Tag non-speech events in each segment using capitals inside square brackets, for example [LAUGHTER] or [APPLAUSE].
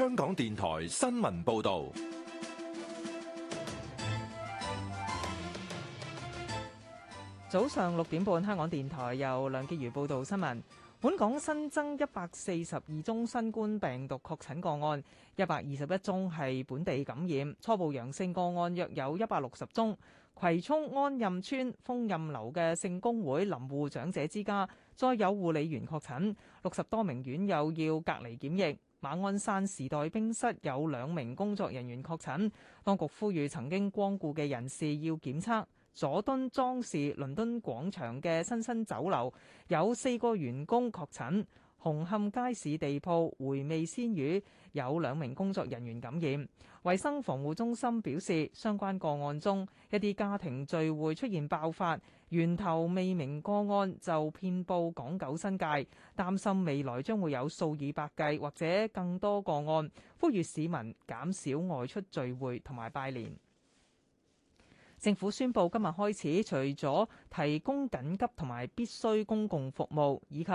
香港電台新聞報道，早上六點半，香港電台由梁潔如報道新聞。本港新增一百四十二宗新冠病毒確診個案，一百二十一宗係本地感染，初步陽性個案約有一百六十宗。葵涌安蔭村豐蔭樓嘅聖公會林護長者之家再有護理員確診，六十多名院友要隔離檢疫。馬鞍山時代冰室有兩名工作人員確診，當局呼籲曾經光顧嘅人士要檢測。佐敦莊士倫敦廣場嘅新新酒樓有四個員工確診。紅磡街市地鋪回味鮮魚有兩名工作人員感染。衞生防護中心表示，相關個案中一啲家庭聚會出現爆發。源頭未明個案就遍佈港九新界，擔心未來將會有數以百計或者更多個案，呼籲市民減少外出聚會同埋拜年。政府宣布今日開始，除咗提供緊急同埋必須公共服務以及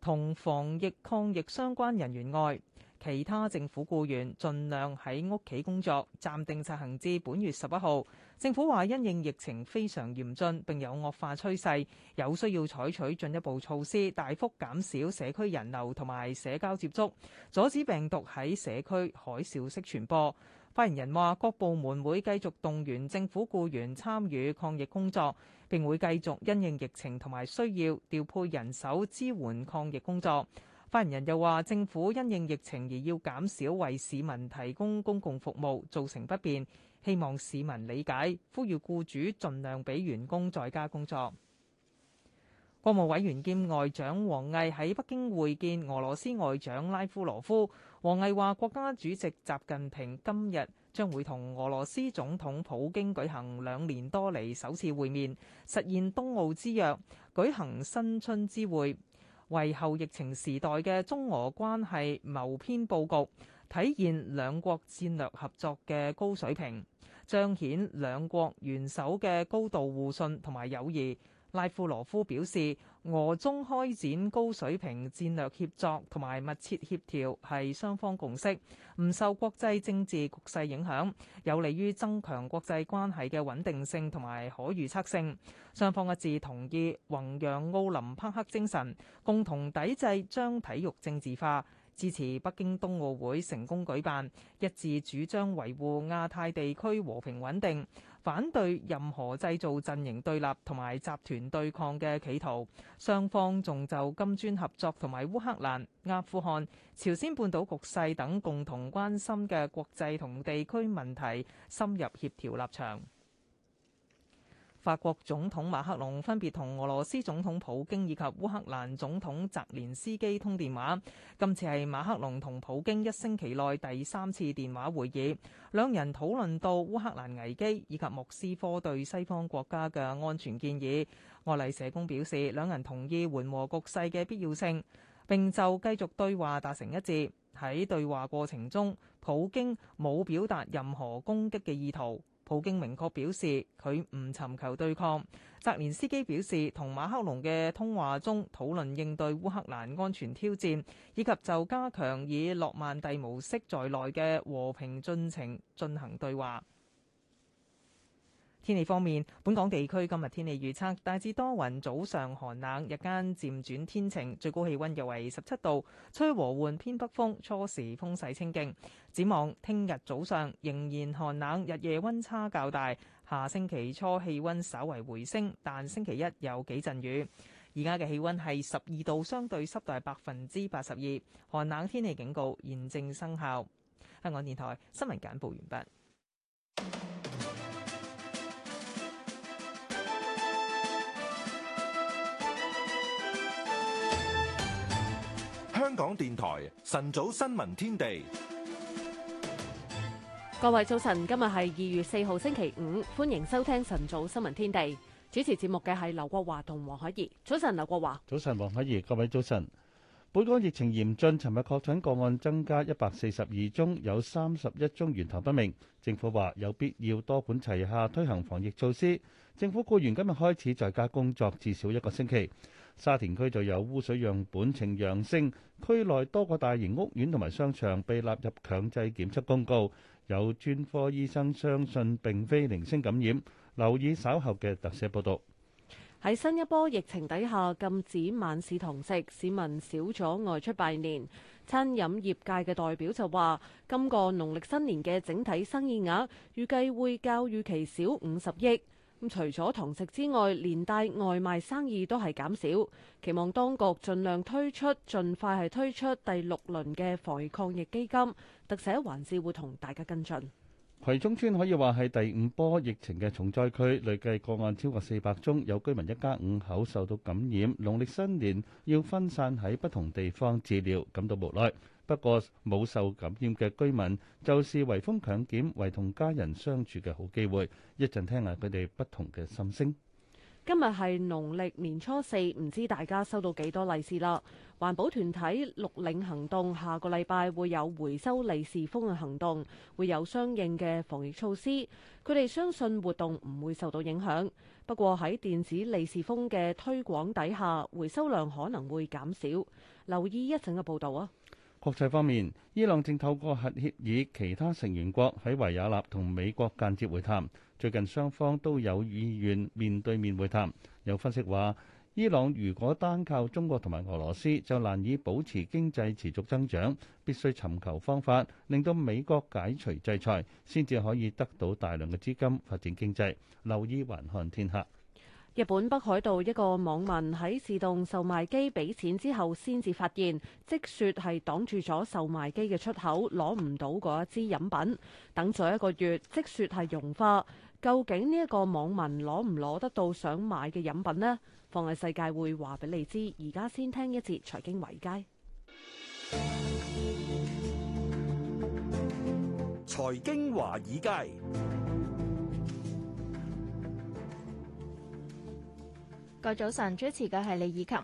同防疫抗疫相關人員外，其他政府僱員盡量喺屋企工作，暫定執行至本月十一號。政府話，因應疫情非常嚴峻並有惡化趨勢，有需要採取進一步措施，大幅減少社區人流同埋社交接觸，阻止病毒喺社區海嘯式傳播。發言人話，各部門會繼續動員政府僱員參與抗疫工作，並會繼續因應疫情同埋需要調配人手支援抗疫工作。發言人又話，政府因應疫情而要減少為市民提供公共服務，造成不便。希望市民理解，呼籲僱主盡量俾員工在家工作。國務委員兼外長王毅喺北京會見俄羅斯外長拉夫羅夫。王毅話：國家主席習近平今日將會同俄羅斯總統普京舉行兩年多嚟首次會面，實現冬奧之約，舉行新春之會，為後疫情時代嘅中俄關係謀篇佈局，體現兩國戰略合作嘅高水平，彰顯兩國元首嘅高度互信同埋友誼。拉夫羅夫表示，俄中開展高水平戰略協作同埋密切協調係雙方共識，唔受國際政治局勢影響，有利於增強國際關係嘅穩定性同埋可預測性。雙方一致同意弘揚奧林匹克精神，共同抵制將體育政治化。支持北京冬奧會成功舉辦，一致主張維護亞太地區和平穩定，反對任何製造陣營對立同埋集團對抗嘅企圖，雙方仲就金磚合作同埋烏克蘭、阿富汗、朝鮮半島局勢等共同關心嘅國際同地區問題深入協調立場。法國總統馬克龍分別同俄羅斯總統普京以及烏克蘭總統澤連斯基通電話。今次係馬克龍同普京一星期內第三次電話會議，兩人討論到烏克蘭危機以及莫斯科對西方國家嘅安全建議。愛麗舍宮表示，兩人同意緩和局勢嘅必要性，並就繼續對話達成一致。喺對話過程中，普京冇表達任何攻擊嘅意圖。普京明確表示佢唔尋求對抗。澤連斯基表示，同馬克龍嘅通話中討論應對烏克蘭安全挑戰，以及就加強以諾曼第模式在內嘅和平進程進行對話。天氣方面，本港地區今日天氣預測大致多雲，早上寒冷，日間漸轉天晴，最高氣溫約為十七度，吹和緩偏北風，初時風勢清勁。展望聽日早上仍然寒冷，日夜溫差較大。下星期初氣溫稍為回升，但星期一有幾陣雨。而家嘅氣溫係十二度，相對濕度百分之八十二，寒冷天氣警告現正生效。香港電台新聞簡報完畢。香港電台晨早新聞天地，各位早晨，今日係二月四號星期五，歡迎收聽晨早新聞天地。主持節目嘅係劉國華同黃海怡。早晨，劉國華。早晨，黃海怡。各位早晨。本港疫情嚴峻，尋日確診個案增加一百四十二宗，有三十一宗源頭不明。政府話有必要多管齊下推行防疫措施。政府僱員今日開始在家工作至少一個星期。沙田區就有污水樣本呈陽性，區內多個大型屋苑同埋商場被納入強制檢測公告。有專科醫生相信並非零星感染。留意稍後嘅特寫報道。喺新一波疫情底下禁止晚市堂食，市民少咗外出拜年，餐飲業界嘅代表就話：今個農曆新年嘅整體生意額預計會較預期少五十億。咁除咗堂食之外，連帶外賣生意都係減少。期望當局儘量推出，盡快係推出第六輪嘅防疫抗疫基金。特寫還是會同大家跟進。葵涌村可以話係第五波疫情嘅重災區，累計個案超過四百宗，有居民一家五口受到感染。農曆新年要分散喺不同地方治療，感到無奈。不過冇受感染嘅居民，就視圍封強檢為同家人相處嘅好機會。一陣聽下佢哋不同嘅心聲。今日係農曆年初四，唔知大家收到幾多利是啦。環保團體綠領行動下個禮拜會有回收利是封嘅行動，會有相應嘅防疫措施。佢哋相信活動唔會受到影響。不過喺電子利是封嘅推廣底下，回收量可能會減少。留意一陣嘅報導啊！國際方面，伊朗正透過核協議，其他成員國喺維也納同美國間接會談。最近雙方都有意願面對面會談。有分析話，伊朗如果單靠中國同埋俄羅斯，就難以保持經濟持續增長，必須尋求方法，令到美國解除制裁，先至可以得到大量嘅資金發展經濟。留意環看天下。日本北海道一個網民喺自動售賣機俾錢之後，先至發現積雪係擋住咗售賣機嘅出口，攞唔到嗰一支飲品。等咗一個月，積雪係融化。究竟呢一個網民攞唔攞得到想買嘅飲品呢？放眼世界會話俾你知。而家先聽一節財經華爾街。財經華爾街。早晨，主持嘅係李以琴。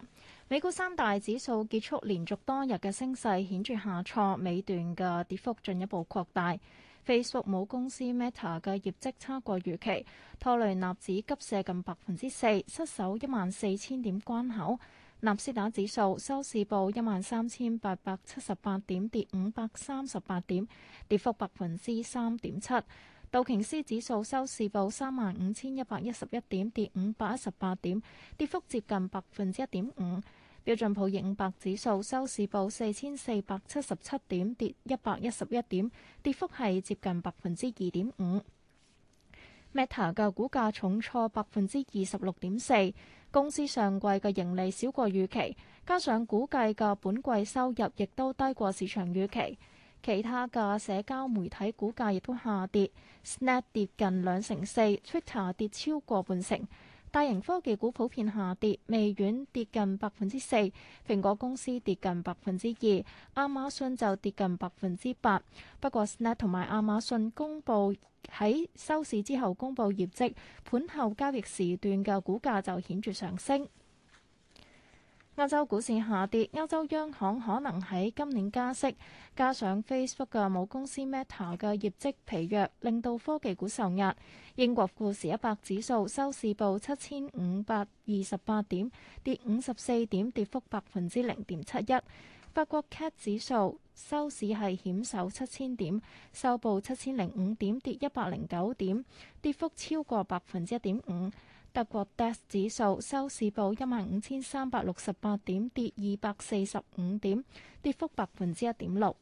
美股三大指數結束連續多日嘅升勢顯著下挫，尾段嘅跌幅進一步擴大。Facebook 母公司 Meta 嘅業績差過預期，拖累納指急瀉近百分之四，失守一萬四千點關口。納斯達克指數收市報一萬三千八百七十八點，跌五百三十八點，跌幅百分之三點七。道瓊斯指數收市報三萬五千一百一十一點，跌五百一十八點，跌幅接近百分之一點五。標準普爾五百指數收市報四千四百七十七點，跌一百一十一點，跌幅係接近百分之二點五。Meta 嘅股價重挫百分之二十六點四，公司上季嘅盈利少過預期，加上估計嘅本季收入亦都低過市場預期。其他嘅社交媒體股價亦都下跌，Snap 跌近兩成四，Twitter 跌超過半成。大型科技股普遍下跌，微軟跌近百分之四，蘋果公司跌近百分之二，亞馬遜就跌近百分之八。不過，Snap 同埋亞馬遜公佈喺收市之後公佈業績，盤後交易時段嘅股價就顯著上升。亞洲股市下跌，歐洲央行可能喺今年加息，加上 Facebook 嘅母公司 Meta 嘅業績疲弱，令到科技股受壓。英國富時一百指數收市報七千五百二十八點，跌五十四點，跌幅百分之零點七一。法國 CAC 指數收市係險守七千點，收報七千零五點，跌一百零九點，跌幅超過百分之一點五。德國 DAX 指數收市報一萬五千三百六十八點，跌二百四十五點，跌幅百分之一點六。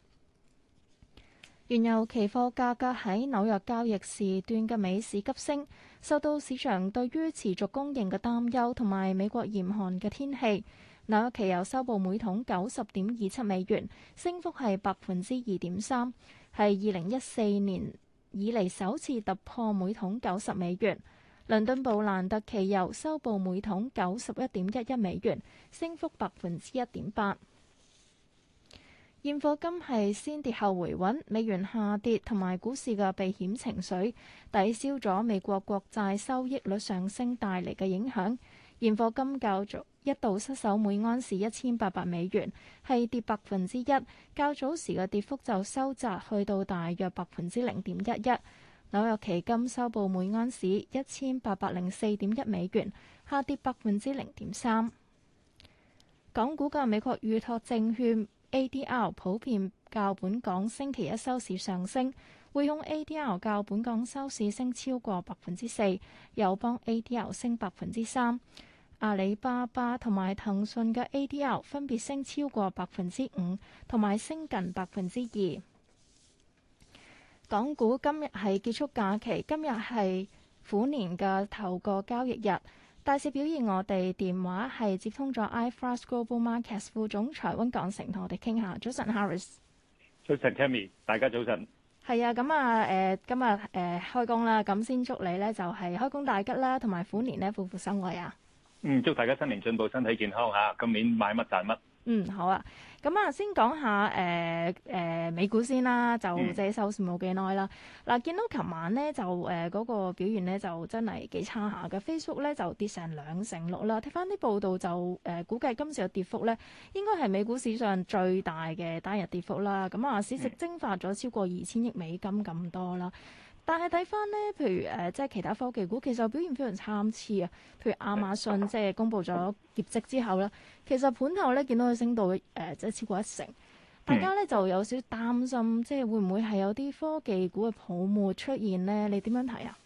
原油期貨價格喺紐約交易時段嘅美市急升，受到市場對於持續供應嘅擔憂同埋美國嚴寒嘅天氣。紐約期油收報每桶九十點二七美元，升幅係百分之二點三，係二零一四年以嚟首次突破每桶九十美元。倫敦布蘭特期油收報每桶九十一點一一美元，升幅百分之一點八。現貨金係先跌後回穩，美元下跌同埋股市嘅避險情緒，抵消咗美國國債收益率上升帶嚟嘅影響。現貨金較早一度失守每安士一千八百美元，係跌百分之一。較早時嘅跌幅就收窄去到大約百分之零點一一。紐約期金收報每安士一千八百零四點一美元，下跌百分之零點三。港股嘅美國預托證券 ADR 普遍較本港星期一收市上升，匯控 ADR 較本港收市升超過百分之四，友邦 ADR 升百分之三，阿里巴巴同埋騰訊嘅 ADR 分別升超過百分之五同埋升近百分之二。港股今日係結束假期，今日係虎年嘅頭個交易日，大市表現。我哋電話係接通咗 i f r s t Global Markets 副總裁温港成，同我哋傾下。早晨 Harris，早晨 Tammy，大家早晨。係啊，咁啊，誒、呃、今日誒、呃、開工啦，咁先祝你咧就係、是、開工大吉啦，同埋虎年咧虎虎生威啊！嗯，祝大家新年進步，身體健康嚇、啊，今年買乜賺乜。嗯，好啊。咁啊，先講下誒誒、呃呃、美股先啦，嗯、就借收線冇幾耐啦。嗱、啊，見到琴晚咧就誒嗰、呃嗰個表現咧就真係幾差下嘅。Facebook 咧就跌成兩成六啦。睇翻啲報道就誒、呃，估計今次嘅跌幅咧應該係美股史上最大嘅單日跌幅啦。咁啊，市值蒸發咗超過二千億美金咁多啦。嗯但係睇翻咧，譬如誒，即係其他科技股，其實表現非常參差啊。譬如亞馬遜即係公布咗業績之後咧，其實盤頭咧見到佢升到誒即係超過一成，大家咧就有少少擔心，即係會唔會係有啲科技股嘅泡沫出現咧？你點樣睇啊？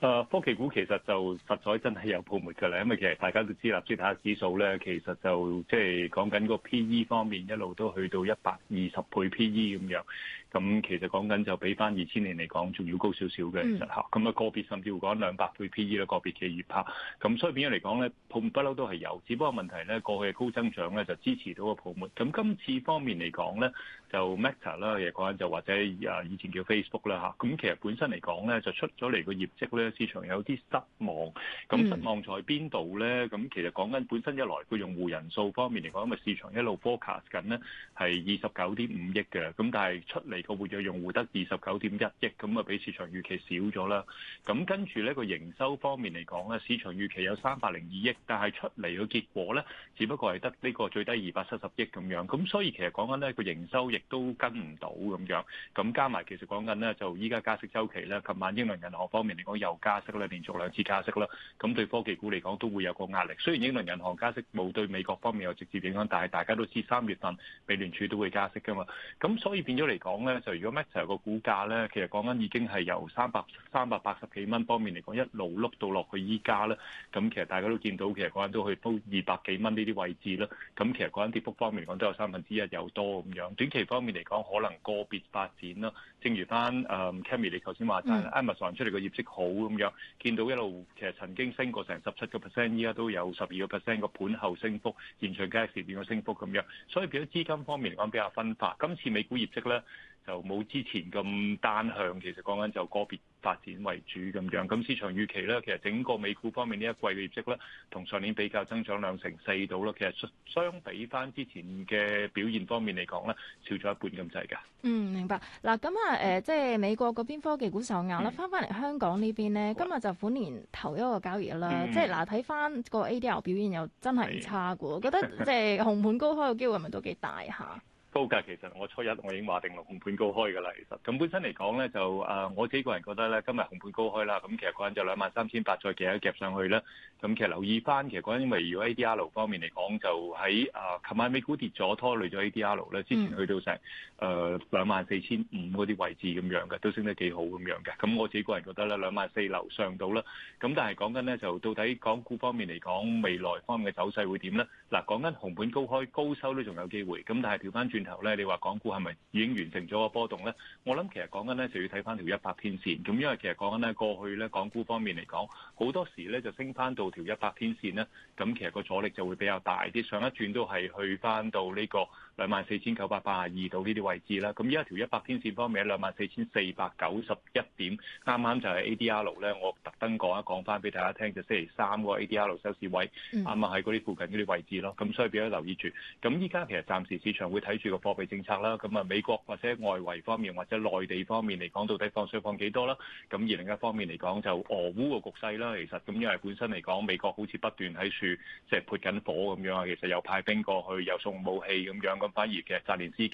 誒，科技股其實就實在真係有泡沫㗎啦，因為其實大家都知納斯達克指數咧，其實就即係講緊個 P E 方面一路都去到一百二十倍 P E 咁樣。咁其實講緊就比翻二千年嚟講，仲要高少少嘅成效。咁啊、嗯、個別甚至會講兩百倍 PE 啦，個別嘅月拍。咁所以變咗嚟講咧，泡沫不嬲都係有。只不過問題咧，過去嘅高增長咧就支持到個泡沫。咁今次方面嚟講咧，就 Meta 啦，其實講緊就或者啊以前叫 Facebook 啦嚇。咁其實本身嚟講咧，就出咗嚟個業績咧，市場有啲失望。咁失望在邊度咧？咁、嗯、其實講緊本身一來個用戶人數方面嚟講，咁啊市場一路 forecast 緊咧係二十九點五億嘅。咁但係出嚟。個活躍用戶得二十九點一億，咁啊比市場預期少咗啦。咁跟住呢個營收方面嚟講呢，市場預期有三百零二億，但係出嚟嘅結果呢，只不過係得呢個最低二百七十億咁樣。咁所以其實講緊呢個營收亦都跟唔到咁樣。咁加埋其實講緊呢，就依家加息週期呢，琴晚英倫銀行方面嚟講又加息啦，連續兩次加息啦。咁對科技股嚟講都會有個壓力。雖然英倫銀行加息冇對美國方面有直接影響，但係大家都知三月份美聯儲都會加息㗎嘛。咁所以變咗嚟講。就如果 Meta a 個股價咧，其實講緊已經係由三百三百八十幾蚊方面嚟講，一路碌到落去依家咧，咁其實大家都見到，其實講緊都去到二百幾蚊呢啲位置啦。咁其實講緊跌幅方面嚟講，都有三分之一有多咁樣。短期方面嚟講，可能個別發展啦。正如翻誒 Cammy 你頭先話，但、mm. Amazon 出嚟個業績好咁樣，見到一路其實曾經升過成十七個 percent，依家都有十二個 percent 個盤後升幅，連隨 Gas 變個升幅咁樣。所以變咗資金方面嚟講比較分化。今次美股業績咧。就冇之前咁單向，其實講緊就個別發展為主咁樣。咁市場預期咧，其實整個美股方面呢一季嘅業績咧，同上年比較增長兩成四度咯。其實相比翻之前嘅表現方面嚟講咧，少咗一半咁滯㗎。嗯，明白。嗱，咁啊，誒，即係美國嗰邊科技股受壓啦。翻返嚟香港呢邊咧，嗯、今日就虎年頭一個交易日啦。嗯、即係嗱，睇翻個 ADR 表現又真係唔差嘅喎。我覺得即係紅盤高開嘅機會咪都幾大下？高價，其實我初一我已經話定紅盤高開㗎啦，其實咁本身嚟講咧就，啊我自己個人覺得咧今日紅盤高開啦，咁其實講緊就兩萬三千八再夾一夾上去啦。咁其實留意翻其實講緊，因為如果 ADR 方面嚟講就喺，啊琴晚美股跌咗拖累咗 ADR 咧，之前去到成誒兩萬四千五嗰啲位置咁樣嘅，都升得幾好咁樣嘅，咁我自己個人覺得咧兩萬四樓上到啦，咁但係講緊咧就到底港股方面嚟講未來方面嘅走勢會點咧？嗱，講緊紅盤高開高收都仲有機會，咁但係調翻轉。然後咧，你話港股係咪已經完成咗個波動咧？我諗其實講緊咧就要睇翻條一百天線。咁因為其實講緊咧過去咧港股方面嚟講，好多時咧就升翻到條一百天線咧，咁其實個阻力就會比較大啲。上一轉都係去翻到呢個兩萬四千九百八十二度呢啲位置啦。咁依家條一百天線方面兩萬四千四百九十一點，啱啱就係 ADR 六咧。我特登講一講翻俾大家聽，就星期三個 ADR 收市位啱啱喺嗰啲附近嗰啲位置咯。咁所以俾佢留意住。咁依家其實暫時市場會睇住。呢個貨幣政策啦，咁、嗯、啊美國或者外圍方面或者內地方面嚟講，到底放水放幾多啦？咁而另一方面嚟講，就俄烏個局勢啦。其實咁因為本身嚟講，美國好似不斷喺處即係撥緊火咁樣啊。其實又派兵過去，又送武器咁樣。咁反而其實嘅澤連斯基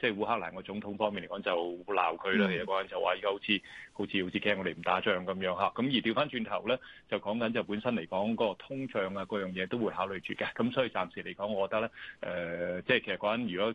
即係烏克蘭個總統方面嚟講，就鬧佢啦。有、mm. 個人就話，而家好似好似好似驚我哋唔打仗咁樣嚇。咁而調翻轉頭咧，就講緊就本身嚟講，嗰個通脹啊，嗰樣嘢都會考慮住嘅。咁所以暫時嚟講，我覺得咧，誒、呃，即係其實嗰個人如果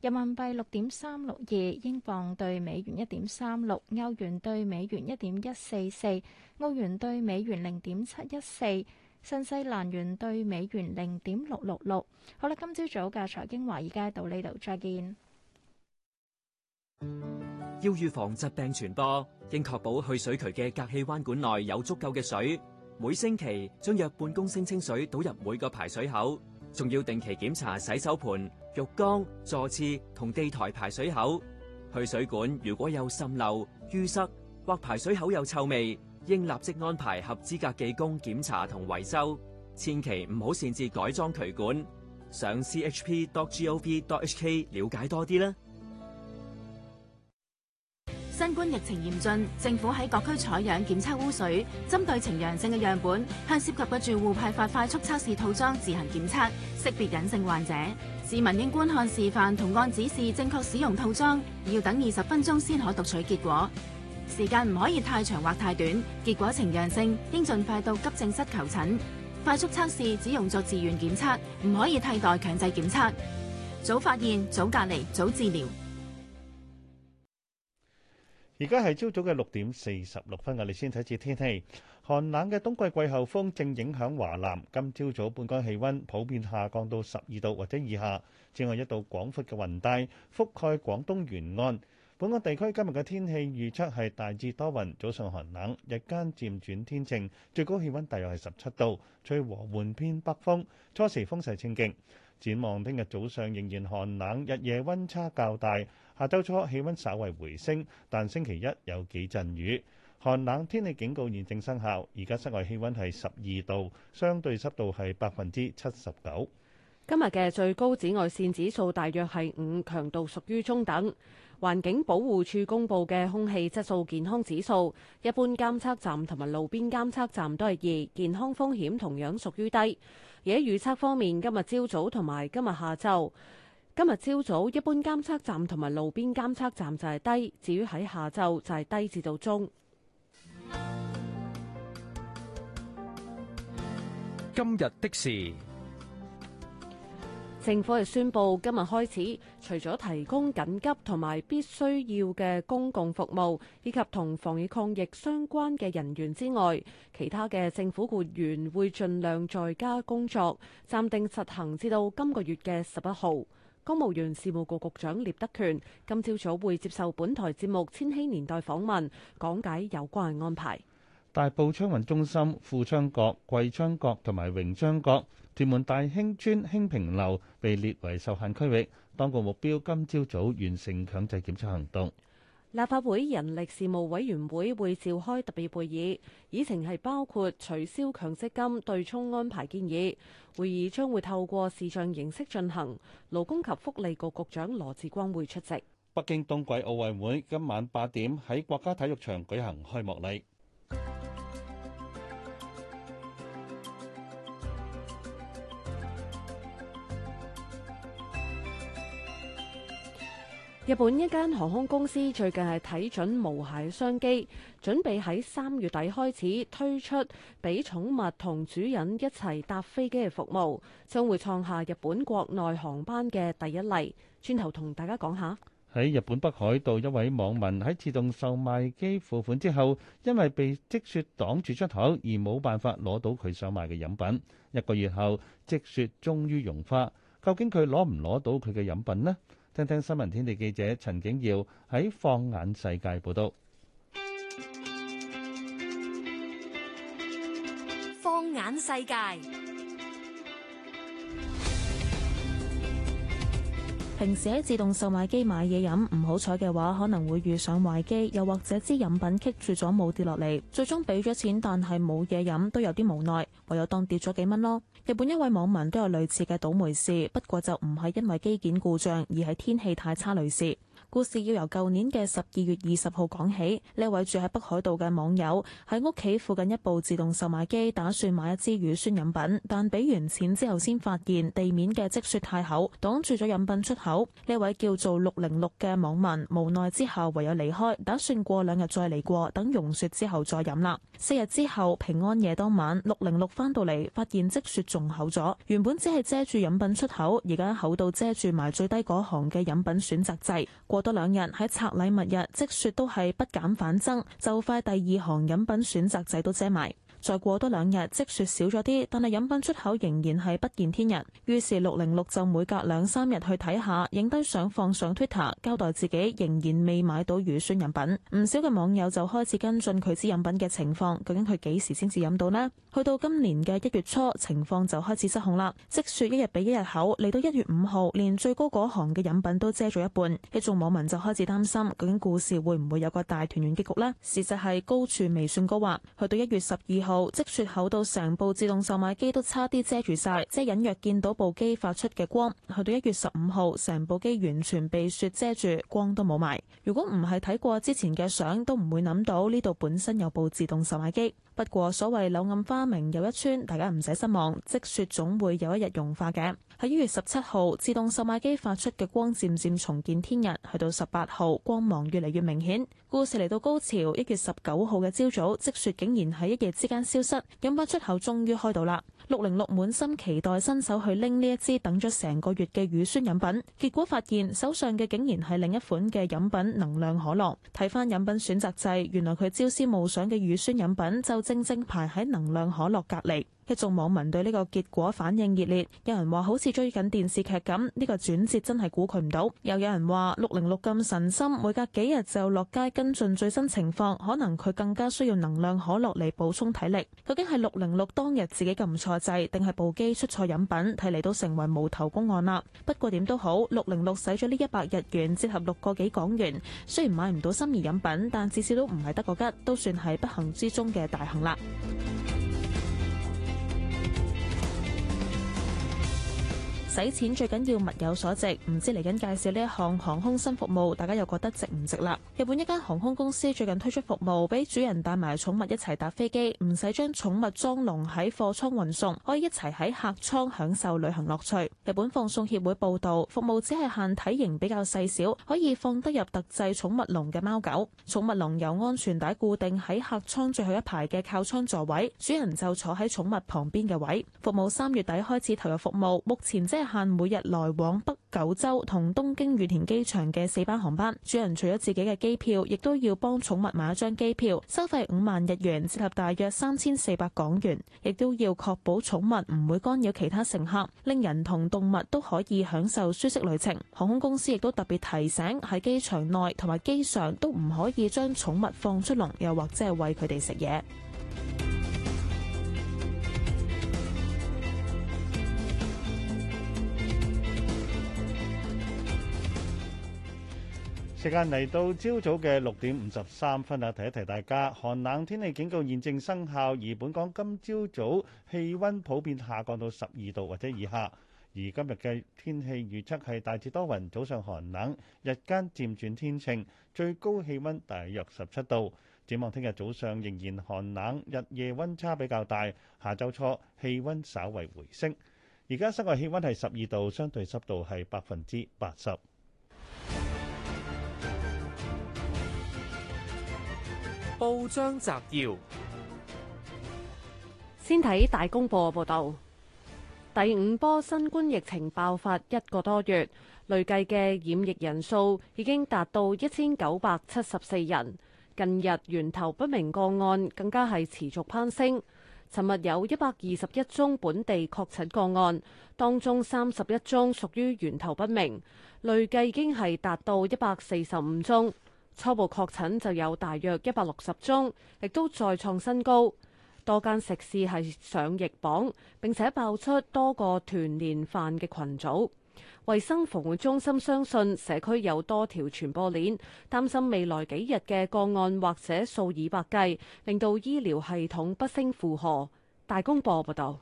人民幣六點三六二，英鎊兌美元一點三六，歐元兌美元一點一四四，澳元兌美元零點七一四，新西蘭元兌美元零點六六六。好啦，今朝早嘅財經華爾街到呢度再見。要預防疾病傳播，應確保去水渠嘅隔氣彎管內有足夠嘅水。每星期將約半公升清水倒入每個排水口。仲要定期檢查洗手盆、浴缸、坐廁同地台排水口。去水管如果有滲漏、淤塞或排水口有臭味，應立即安排合資格技工檢查同維修。千祈唔好擅自改裝渠管。上 chp.gov.hk 了解多啲啦。新冠疫情嚴峻，政府喺各區採樣檢測污水，針對呈陽性嘅樣本，向涉及嘅住戶派發快速測試套裝，自行檢測，識別隱性患者。市民應觀看示範同按指示正確使用套裝，要等二十分鐘先可讀取結果。時間唔可以太長或太短，結果呈陽性應盡快到急症室求診。快速測試只用作自願檢測，唔可以替代強制檢測。早發現，早隔離，早治療。而家係朝早嘅六點四十六分嘅，你先睇次天氣。寒冷嘅冬季季候風正影響華南，今朝早本港氣温普遍下降到十二度或者以下。此外，一道廣闊嘅雲帶覆蓋廣東沿岸。本港地區今日嘅天氣預測係大致多雲，早上寒冷，日間漸轉天晴，最高氣温大約係十七度，吹和緩偏北風，初時風勢清勁。展望聽日早上仍然寒冷，日夜温差較大。下周初氣温稍為回升，但星期一有幾陣雨。寒冷天氣警告現正生效，而家室外氣溫係十二度，相對濕度係百分之七十九。今日嘅最高紫外線指數大約係五，強度屬於中等。環境保護署公布嘅空氣質素健康指數，一般監測站同埋路邊監測站都係二，健康風險同樣屬於低。而喺預測方面，今日朝早同埋今日下晝。今日朝早，一般監測站同埋路邊監測站就係低。至於喺下晝就係低至到中。今日的事，政府亦宣布今日開始，除咗提供緊急同埋必須要嘅公共服務以及同防疫抗疫相關嘅人員之外，其他嘅政府僱員會盡量在家工作，暫定實行至到今個月嘅十一號。公務員事務局局長聶德權，今朝早會接受本台節目千禧年代訪問，講解有關安排。大埔昌運中心、富昌閣、桂昌閣、立法會人力事務委員會會召開特別會議，議程係包括取消強積金對沖安排建議。會議將會透過視像形式進行，勞工及福利局局，局長羅志光會出席。北京冬季奧運會今晚八點喺國家體育場舉行開幕禮。日本一間航空公司最近係睇準無懈商機，準備喺三月底開始推出俾寵物同主人一齊搭飛機嘅服務，將會創下日本國內航班嘅第一例。轉頭同大家講下：喺日本北海道一位網民喺自動售賣機付款之後，因為被積雪擋住出口而冇辦法攞到佢想買嘅飲品。一個月後，積雪終於融化，究竟佢攞唔攞到佢嘅飲品呢？晨早新聞天地記者陳景耀喺放眼世界報道。放眼世界。捕捕放眼世界平時喺自動售賣機買嘢飲，唔好彩嘅話，可能會遇上壞機，又或者支飲品棘住咗冇跌落嚟，最終俾咗錢但係冇嘢飲，都有啲無奈，唯有當跌咗幾蚊咯。日本一位網民都有類似嘅倒楣事，不過就唔係因為機件故障，而係天氣太差累事。故事要由舊年嘅十二月二十號講起。呢位住喺北海道嘅網友喺屋企附近一部自動售賣機打算買一支乳酸飲品，但俾完錢之後，先發現地面嘅積雪太厚，擋住咗飲品出口。呢位叫做六零六嘅網民無奈之下唯有離開，打算過兩日再嚟過，等融雪之後再飲啦。四日之後平安夜當晚，六零六翻到嚟，發現積雪仲厚咗，原本只係遮住飲品出口，而家厚到遮住埋最低嗰行嘅飲品選擇掣。過多兩日喺拆禮物日，積雪都係不減反增，就快第二行飲品選擇劑都遮埋。再過多兩日，積雪少咗啲，但係飲品出口仍然係不見天日。於是六零六就每隔兩三日去睇下，影低相放上 Twitter，交代自己仍然未買到乳酸飲品。唔少嘅網友就開始跟進佢支飲品嘅情況，究竟佢幾時先至飲到呢？去到今年嘅一月初，情況就開始失控啦。積雪一日比一日厚，嚟到一月五號，連最高嗰行嘅飲品都遮咗一半。一眾網民就開始擔心，究竟故事會唔會有個大團圓結局呢？事實係高處未算高，話，去到一月十二。積雪厚到成部自動售賣機都差啲遮住晒，即係隱約見到部機發出嘅光。去到一月十五號，成部機完全被雪遮住，光都冇埋。如果唔係睇過之前嘅相，都唔會諗到呢度本身有部自動售賣機。不過所謂柳暗花明又一村，大家唔使失望，積雪總會有一日融化嘅。喺一月十七號，自動售賣機發出嘅光漸漸重見天日，去到十八號，光芒越嚟越明顯。故事嚟到高潮，一月十九號嘅朝早，積雪竟然喺一夜之間消失，飲品出口終於開到啦。六零六滿心期待伸手去拎呢一支等咗成個月嘅乳酸飲品，結果發現手上嘅竟然係另一款嘅飲品能量可樂。睇返飲品選擇掣，原來佢朝思暮想嘅乳酸飲品就正正排喺能量可樂隔籬。一眾網民對呢個結果反應熱烈，有人話好似追緊電視劇咁，呢、這個轉折真係估佢唔到。又有人話六零六咁神心，每隔幾日就落街跟進最新情況，可能佢更加需要能量可樂嚟補充體力。究竟係六零六當日自己㩒錯掣，定係部機出錯飲品？睇嚟都成為無頭公案啦。不過點都好，六零六使咗呢一百日元，折合六個幾港元，雖然買唔到心儀飲品，但至少都唔係得個吉，都算係不幸之中嘅大幸啦。使錢最緊要物有所值，唔知嚟緊介紹呢一項航空新服務，大家又覺得值唔值啦？日本一間航空公司最近推出服務，俾主人帶埋寵物一齊搭飛機，唔使將寵物裝籠喺貨艙運送，可以一齊喺客艙享受旅行樂趣。日本放送協會報道，服務只係限體型比較細小，可以放得入特製寵物籠嘅貓狗。寵物籠有安全帶固定喺客艙最後一排嘅靠窗座位，主人就坐喺寵物旁邊嘅位。服務三月底開始投入服務，目前即係，限每日來往北九州同東京羽田機場嘅四班航班，主人除咗自己嘅機票，亦都要幫寵物買一張機票，收費五萬日元，折合大約三千四百港元，亦都要確保寵物唔會干擾其他乘客，令人同動物都可以享受舒適旅程。航空公司亦都特別提醒，喺機場內同埋機上都唔可以將寵物放出籠，又或者係餵佢哋食嘢。時間嚟到朝早嘅六點五十三分啦，啊，提一提大家，寒冷天氣警告現正生效，而本港今朝早，早氣温普遍下降到十二度或者以下。而今日嘅天氣預測係大致多雲，早上寒冷，日間漸轉天晴，最高氣温大約十七度。展望聽日早上仍然寒冷，日夜温差比較大。下週初氣温稍為回升。而家室外氣温係十二度，相對濕度係百分之八十。報章摘要，先睇大公報報道：第五波新冠疫情爆發一個多月，累計嘅染疫人數已經達到一千九百七十四人。近日源頭不明個案更加係持續攀升。尋日有一百二十一宗本地確診個案，當中三十一宗屬於源頭不明，累計已經係達到一百四十五宗。初步確診就有大約一百六十宗，亦都再創新高。多間食肆係上疫榜，並且爆出多個團年飯嘅群組。衞生防護中心相信社區有多條傳播鏈，擔心未來幾日嘅個案或者數以百計，令到醫療系統不勝負荷。大公報報道。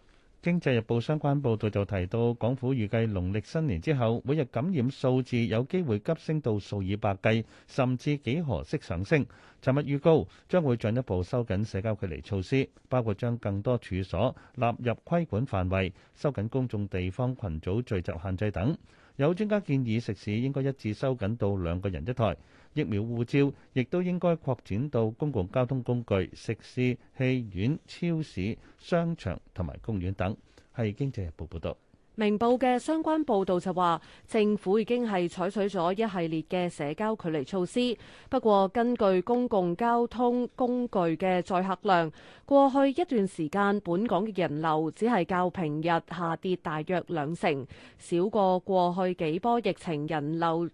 經濟日報相關報導就提到，港府預計農曆新年之後每日感染數字有機會急升到數以百計，甚至幾何式上升。尋日預告將會進一步收緊社交距離措施，包括將更多處所納入規管範圍，收緊公眾地方群組聚集限制等。有專家建議，食肆應該一致收緊到兩個人一枱，疫苗護照亦都應該擴展到公共交通工具、食肆、戲院、超市、商場同埋公園等。係《經濟日報》報道。明報嘅相關報導就話，政府已經係採取咗一系列嘅社交距離措施。不過，根據公共交通工具嘅載客量，過去一段時間本港嘅人流只係較平日下跌大約兩成，少過過去幾波疫情人流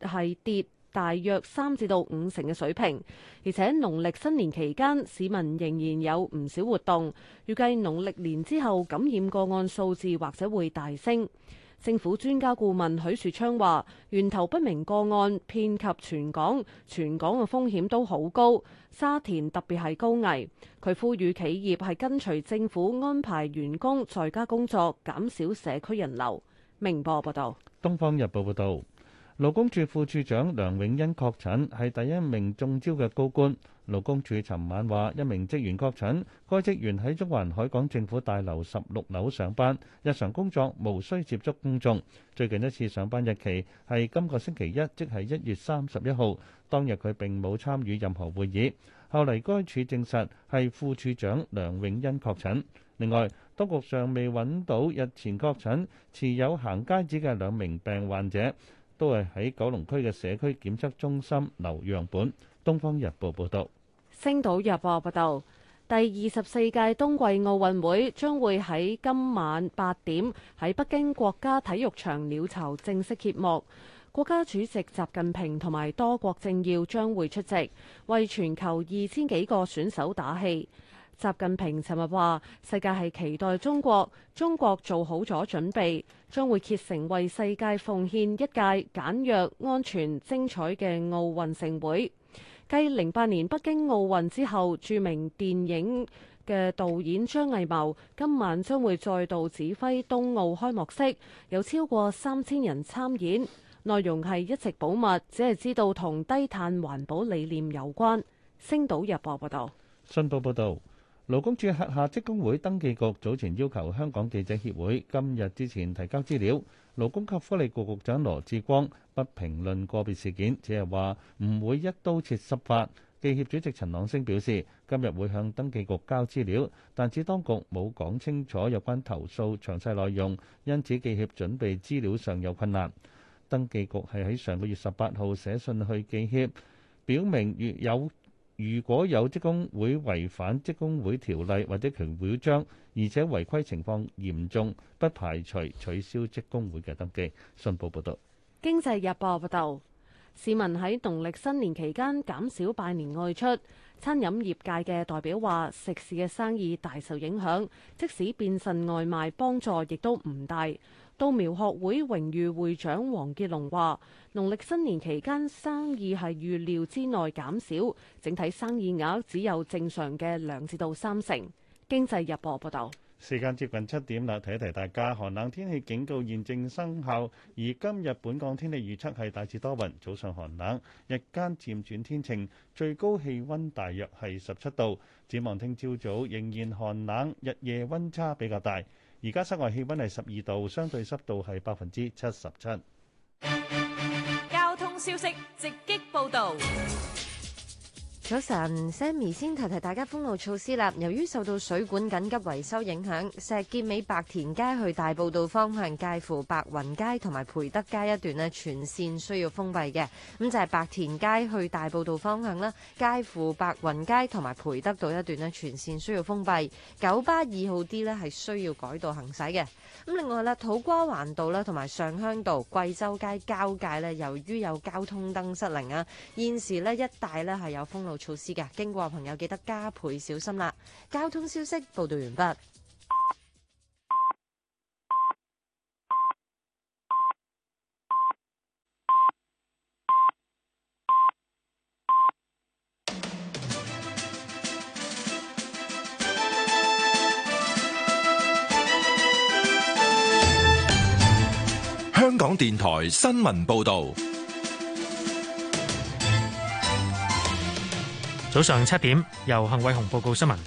係跌，大約三至到五成嘅水平，而且農曆新年期間市民仍然有唔少活動。預計農曆年之後感染個案數字或者會大升。政府專家顧問許樹昌話，源頭不明個案遍及全港，全港嘅風險都好高，沙田特別係高危。佢呼籲企業係跟隨政府安排員工在家工作，減少社區人流。明報報道，《東方日報》報道。勞工處副處長梁永恩確診係第一名中招嘅高官。勞工處尋晚話，一名職員確診，該職員喺中環海港政府大樓十六樓上班，日常工作無需接觸公眾。最近一次上班日期係今個星期一，即係一月三十一號。當日佢並冇參與任何會議。後嚟該處證實係副處長梁永恩確診。另外，當局尚未揾到日前確診持有行街紙嘅兩名病患者。都係喺九龍區嘅社區檢測中心留樣本。《東方日報》報道。《星島日報》報道：「第二十四屆冬季奧運會將會喺今晚八點喺北京國家體育場鳥巢正式揭幕。國家主席習近平同埋多國政要將會出席，為全球二千幾個選手打氣。習近平尋日話：世界係期待中國，中國做好咗準備。將會竭誠為世界奉獻一屆簡約、安全、精彩嘅奧運盛會。繼零八年北京奧運之後，著名電影嘅導演張藝謀今晚將會再度指揮東奧開幕式，有超過三千人參演，內容係一直保密，只係知道同低碳環保理念有關。星島日報報道。新報報道。勞工處轄下職工會登記局早前要求香港記者協會今日之前提交資料，勞工及福利局局長羅致光不評論個別事件，只係話唔會一刀切執法。記協主席陳朗昇表示今日會向登記局交資料，但指當局冇講清楚有關投訴詳細內容，因此記協準備資料上有困難。登記局係喺上個月18如果有職工會違反職工會條例或者其會章，而且違規情況嚴重，不排除取消職工會嘅登記。信報報道。《經濟日報》報道，市民喺農曆新年期間減少拜年外出，餐飲業界嘅代表話，食肆嘅生意大受影響，即使變身外賣幫助，亦都唔大。到苗學會榮譽會長黃傑龍話，農曆新年期間生意係預料之內減少，整體生意額只有正常嘅兩至到三成。經濟日報報道。時間接近七點啦，提一提大家，寒冷天氣警告現正生效，而今日本港天氣預測係大致多雲，早上寒冷，日間漸轉天晴，最高氣溫大約係十七度。展望聽朝早仍然寒冷，日夜溫差比較大。而家室外氣溫係十二度，相對濕度係百分之七十七。交通消息直擊報導。早晨，Sammy 先提提大家封路措施啦。由於受到水管緊急維修影響，石硤尾白田街去大埔道方向介乎白雲街同埋培德街一段咧，全線需要封閉嘅。咁就係白田街去大埔道方向啦，介乎白雲街同埋培德道一段咧，全線需要封閉，九巴二號 D 咧係需要改道行駛嘅。咁另外啦土瓜灣道啦同埋上鄉道貴州街交界咧，由於有交通燈失靈啊，現時咧一帶咧係有封路。措施㗎，經過朋友記得加倍小心啦。交通消息報導完畢。香港電台新聞報導。早上七點，由幸偉雄報告新聞。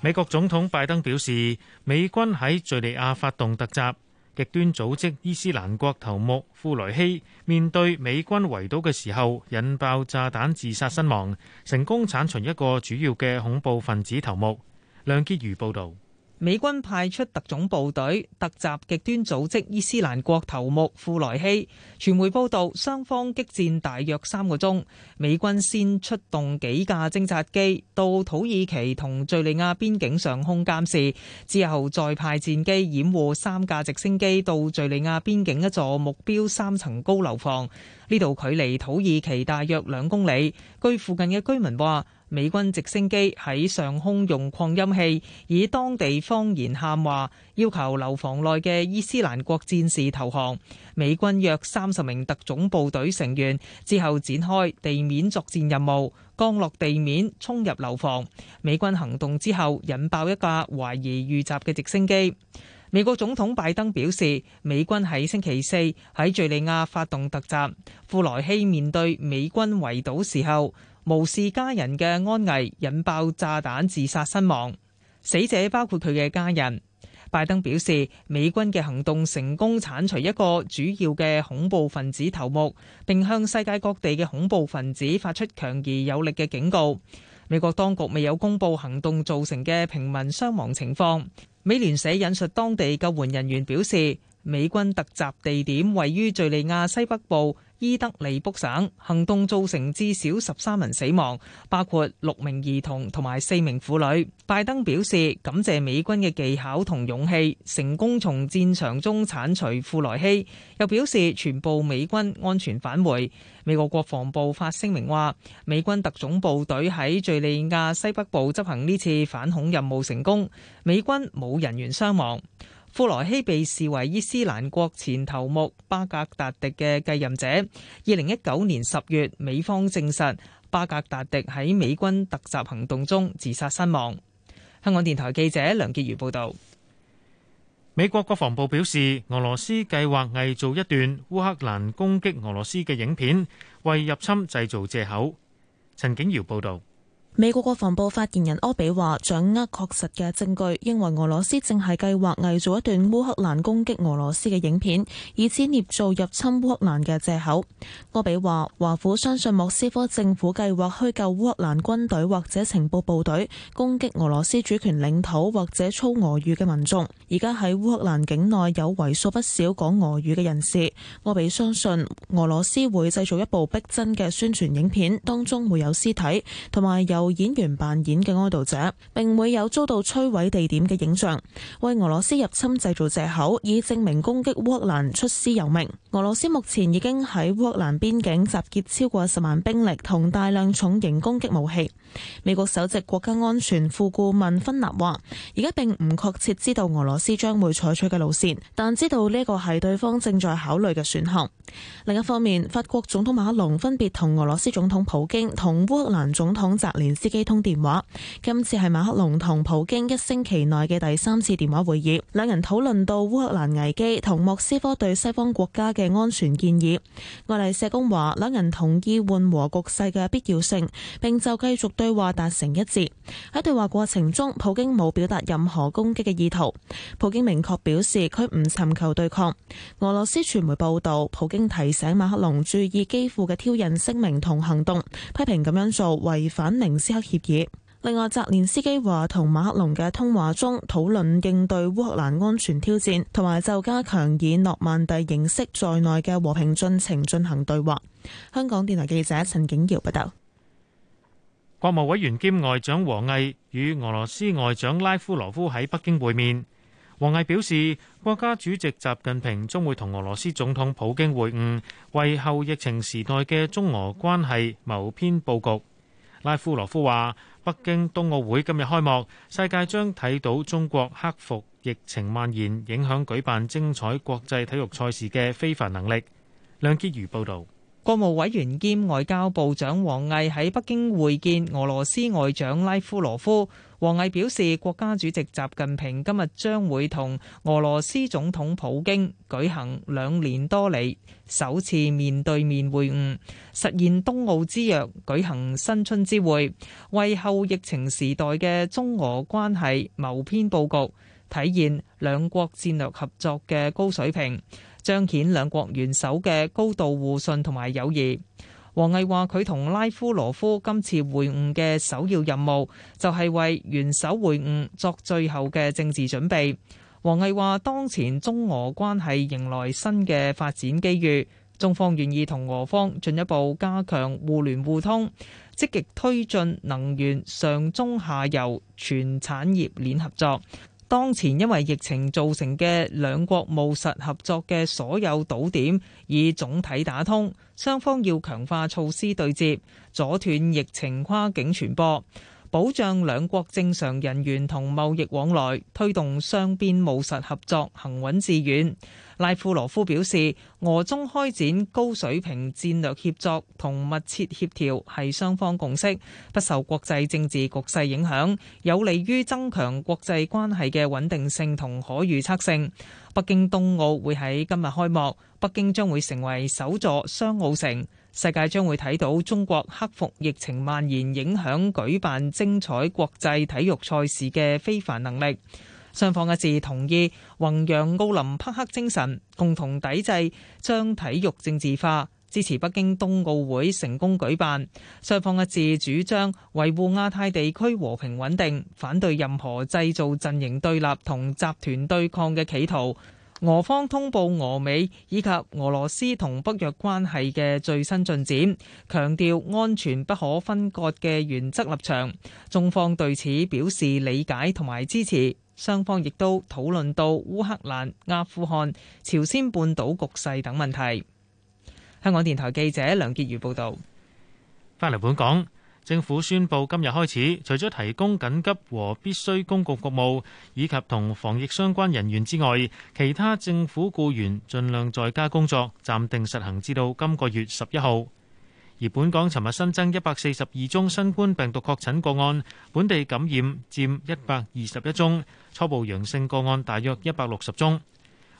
美國總統拜登表示，美軍喺敘利亞發動突襲，極端組織伊斯蘭國頭目庫萊希面對美軍圍堵嘅時候，引爆炸彈自殺身亡，成功鏟除一個主要嘅恐怖分子頭目。梁潔如報道。美軍派出特種部隊突襲極端組織伊斯蘭國頭目庫萊希。傳媒報道，雙方激戰大約三個鐘。美軍先出動幾架偵察機到土耳其同敘利亞邊境上空監視，之後再派戰機掩護三架直升機到敘利亞邊境一座目標三層高樓房。呢度距離土耳其大約兩公里。據附近嘅居民話。美軍直升機喺上空用擴音器以當地方言喊話，要求樓房內嘅伊斯蘭國戰士投降。美軍約三十名特種部隊成員之後展開地面作戰任務，降落地面衝入樓房。美軍行動之後引爆一架懷疑遇襲嘅直升機。美國總統拜登表示，美軍喺星期四喺敘利亞發動突襲，庫萊希面對美軍圍堵時候。無視家人嘅安危，引爆炸彈自殺身亡。死者包括佢嘅家人。拜登表示，美軍嘅行動成功鏟除一個主要嘅恐怖分子頭目，並向世界各地嘅恐怖分子發出強而有力嘅警告。美國當局未有公布行動造成嘅平民傷亡情況。美聯社引述當地救援人員表示，美軍突襲地點位於敘利亞西北部。伊德利卜省行動造成至少十三人死亡，包括六名兒童同埋四名婦女。拜登表示感謝美軍嘅技巧同勇氣，成功從戰場中剷除庫萊希，又表示全部美軍安全返回。美國國防部發聲明話，美軍特種部隊喺敍利亞西北部執行呢次反恐任務成功，美軍冇人員傷亡。富萊希被視為伊斯蘭國前頭目巴格達迪嘅繼任者。二零一九年十月，美方證實巴格達迪喺美軍突襲行動中自殺身亡。香港電台記者梁潔如報道。美國國防部表示，俄羅斯計劃偽造一段烏克蘭攻擊俄羅斯嘅影片，為入侵製造借口。陳景瑤報道。美國國防部發言人柯比話：掌握確實嘅證據，認為俄羅斯正係計劃偽造一段烏克蘭攻擊俄羅斯嘅影片，以此捏造入侵烏克蘭嘅藉口。柯比話：華府相信莫斯科政府計劃虛構烏克蘭軍隊或者情報部隊攻擊俄羅斯主權領土或者操俄語嘅民眾。而家喺烏克蘭境內有為數不少講俄語嘅人士。柯比相信俄羅斯會製造一部逼真嘅宣傳影片，當中會有屍體同埋有演員扮演嘅哀悼者，並會有遭到摧毀地點嘅影像，為俄羅斯入侵製造借口，以證明攻擊烏克蘭出師有名。俄羅斯目前已經喺烏克蘭邊境集結超過十萬兵力同大量重型攻擊武器。美國首席國家安全副顧問芬納話：而家並唔確切知道俄羅斯將會採取嘅路線，但知道呢一個係對方正在考慮嘅選項。另一方面，法國總統馬克龍分別同俄羅斯總統普京同烏克蘭總統澤連斯基通電話。今次係馬克龍同普京一星期內嘅第三次電話會議，兩人討論到烏克蘭危機同莫斯科對西方國家嘅安全建議。愛麗舍宮話，兩人同意緩和局勢嘅必要性，並就繼續對。對話達成一致。喺對話過程中，普京冇表達任何攻擊嘅意圖。普京明確表示，佢唔尋求對抗。俄羅斯傳媒報道，普京提醒馬克龍注意基輔嘅挑釁聲明同行動，批評咁樣做違反明斯克協議。另外，澤連斯基話同馬克龍嘅通話中，討論應對烏克蘭安全挑戰，同埋就加強以諾曼第形式在內嘅和平進程進行對話。香港電台記者陳景堯報道。國務委員兼外長王毅與俄羅斯外長拉夫羅夫喺北京會面。王毅表示，國家主席習近平將會同俄羅斯總統普京會晤，為後疫情時代嘅中俄關係謀篇布局。拉夫羅夫話：北京冬奧會今日開幕，世界將睇到中國克服疫情蔓延、影響舉辦精彩國際體育賽事嘅非凡能力。梁潔如報道。國務委員兼外交部長王毅喺北京會見俄羅斯外長拉夫羅夫。王毅表示，國家主席習近平今日將會同俄羅斯總統普京舉行兩年多嚟首次面對面會晤，實現冬奧之約，舉行新春之會，為後疫情時代嘅中俄關係謀篇佈局，體現兩國戰略合作嘅高水平。彰顯兩國元首嘅高度互信同埋友誼。王毅話：佢同拉夫羅夫今次會晤嘅首要任務就係為元首會晤作最後嘅政治準備。王毅話：當前中俄關係迎來新嘅發展機遇，中方願意同俄方進一步加強互聯互通，積極推進能源上中下游全產業鏈合作。當前因為疫情造成嘅兩國務實合作嘅所有堵點，已總體打通，雙方要強化措施對接，阻斷疫情跨境傳播。保障兩國正常人員同貿易往來，推動雙邊務實合作，行穩致遠。拉夫羅夫表示，俄中開展高水平戰略協作同密切協調係雙方共識，不受國際政治局勢影響，有利於增強國際關係嘅穩定性同可預測性。北京冬奧會喺今日開幕，北京將會成為首座雙奧城。世界將會睇到中國克服疫情蔓延、影響舉辦精彩國際體育賽事嘅非凡能力。雙方一致同意弘揚奧林匹克精神，共同抵制將體育政治化，支持北京冬奧會成功舉辦。雙方一致主張維護亞太地區和平穩定，反對任何製造陣營對立同集團對抗嘅企圖。俄方通報俄美以及俄羅斯同北約關係嘅最新進展，強調安全不可分割嘅原則立場。中方對此表示理解同埋支持，雙方亦都討論到烏克蘭、阿富汗、朝鮮半島局勢等問題。香港電台記者梁潔如報道。翻嚟本港。政府宣布今日開始，除咗提供緊急和必須公共服務以及同防疫相關人員之外，其他政府僱員盡量在家工作，暫定實行至到今個月十一號。而本港尋日新增一百四十二宗新冠病毒確診個案，本地感染佔一百二十一宗，初步陽性個案大約一百六十宗。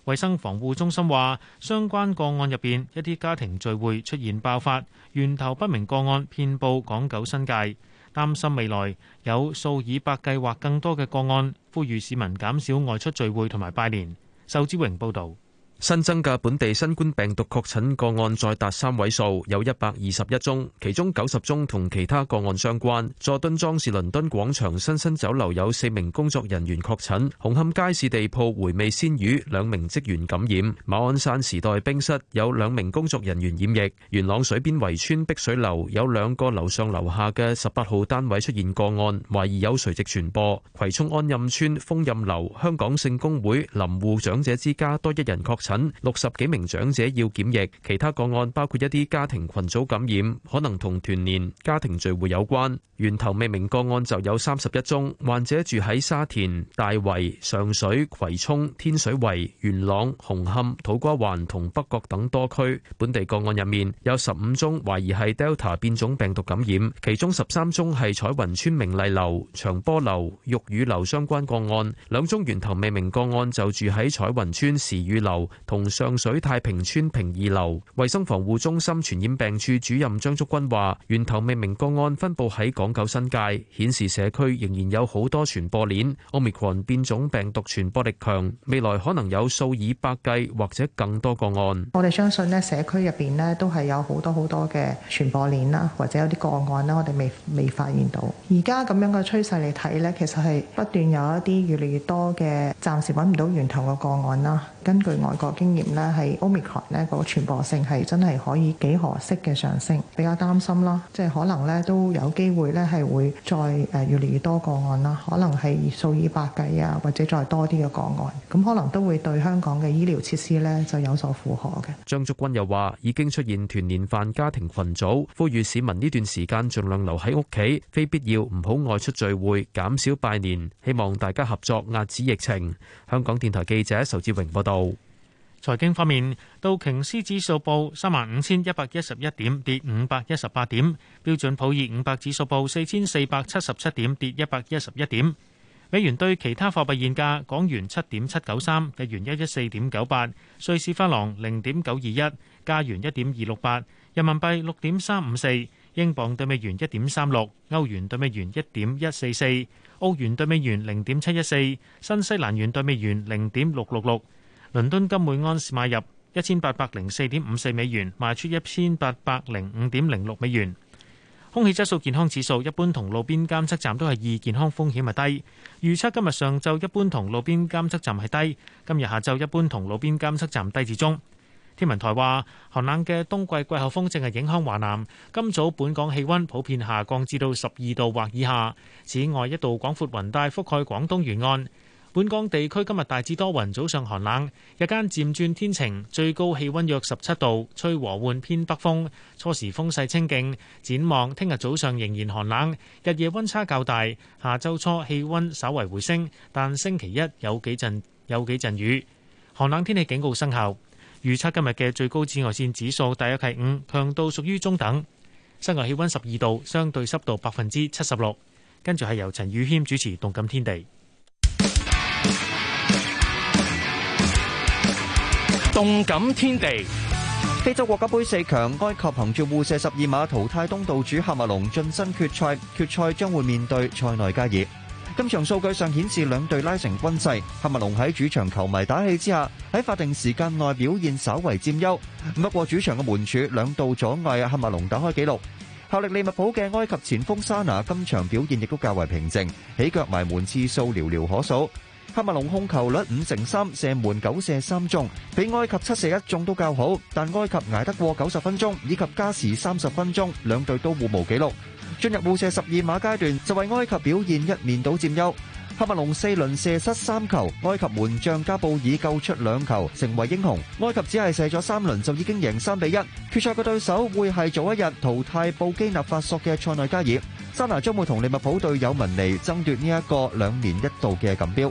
衛生防護中心話，相關個案入面，一啲家庭聚會出現爆發，源頭不明個案遍佈港九新界，擔心未來有數以百計或更多嘅個案，呼籲市民減少外出聚會同埋拜年。仇志榮報道。新增嘅本地新冠病毒確診個案再達三位數，有一百二十一宗，其中九十宗同其他個案相關。佐敦莊士倫敦廣場新新酒樓有四名工作人員確診。紅磡街市地鋪回味鮮魚兩名職員感染。馬鞍山時代冰室有兩名工作人員染疫。元朗水邊圍村碧水樓有兩個樓上樓下嘅十八號單位出現個案，懷疑有垂直傳播。葵涌安蔭村豐蔭樓、香港聖公會、林護長者之家多一人確診。診六十幾名長者要檢疫，其他個案包括一啲家庭群組感染，可能同團年、家庭聚會有關。源頭未明個案就有三十一宗，患者住喺沙田、大圍、上水、葵涌、天水圍、元朗、紅磡、土瓜灣同北角等多區。本地個案入面有十五宗懷疑係 Delta 變種病毒感染，其中十三宗係彩雲邨明麗樓、長波樓、玉宇樓相關個案，兩宗源頭未明個案就住喺彩雲邨時雨樓同上水太平村平二樓衛生防護中心傳染病處主任張竹君話，源頭未明個案分布喺港九新界，顯示社區仍然有好多傳播鏈。Omicron 變種病毒傳播力強，未來可能有數以百計或者更多個案。我哋相信呢社區入邊呢都係有好多好多嘅傳播鏈啦，或者有啲個案啦，我哋未未發現到。而家咁樣嘅趨勢嚟睇呢，其實係不斷有一啲越嚟越多嘅暫時搵唔到源頭嘅個案啦。根據外國經驗咧，係 Omicron 呢個傳播性係真係可以幾何式嘅上升，比較擔心啦，即係可能咧都有機會咧係會再誒越嚟越多個案啦，可能係數以百計啊，或者再多啲嘅個案，咁可能都會對香港嘅醫療設施咧就有所負荷嘅。張竹君又話：已經出現團年飯家庭群組，呼籲市民呢段時間儘量留喺屋企，非必要唔好外出聚會，減少拜年，希望大家合作壓止疫情。香港電台記者仇志榮報導。財經方面，道瓊斯指數報三萬五千一百一十一點，跌五百一十八點。標準普爾五百指數報四千四百七十七點，跌一百一十一點。美元兌其他貨幣現價：港元七點七九三，日元一一四點九八，瑞士法郎零點九二一，加元一點二六八，人民幣六點三五四，英鎊兌美元一點三六，歐元兌美元一點一四四，澳元兌美元零點七一四，新西蘭元兌美元零點六六六。倫敦金每安士買入一千八百零四點五四美元，賣出一千八百零五點零六美元。空氣質素健康指數一般同路邊監測站都係二，健康風險係低。預測今日上晝一般同路邊監測站係低，今日下晝一般同路邊監測站低至中。天文台話，寒冷嘅冬季季候風正係影響華南。今早本港氣溫普遍下降至到十二度或以下，此外一度廣闊雲帶覆蓋廣東沿岸。本港地區今日大致多雲，早上寒冷，日間漸轉天晴，最高氣溫約十七度，吹和緩偏北風，初時風勢清勁。展望聽日早上仍然寒冷，日夜溫差較大。下週初氣溫稍為回升，但星期一有幾陣有幾陣雨。寒冷天氣警告生效。預測今日嘅最高紫外線指數大約係五，強度屬於中等。室外氣溫十二度，相對濕度百分之七十六。跟住係由陳宇謙主持《動感天地》。動感天地，非洲國家杯四強埃及憑住互射十二碼淘汰東道主喀麥隆，晉身決賽。決賽將會面對塞內加爾。今場數據上顯示兩隊拉成均勢，喀麥隆喺主場球迷打氣之下，喺法定時間內表現稍為佔優。不過主場嘅門柱兩度阻礙，喀麥隆打開紀錄。效力利物浦嘅埃及前鋒沙拿今場表現亦都較為平靜，起腳埋門次數寥寥可數。喀麥隆控球率五成三，射門九射三中，比埃及七射一中都較好。但埃及捱得過九十分鐘以及加時三十分鐘，兩隊都互無紀錄。進入互射十二碼階段，就為埃及表現一面倒佔優。喀麥隆四輪射失三球，埃及門將加布爾救出兩球，成為英雄。埃及只係射咗三輪就已經贏三比一。決賽嘅對手會係早一日淘汰布基納法索嘅塞內加爾。沙拿將會同利物浦隊友文尼爭奪呢一個兩年一度嘅錦標。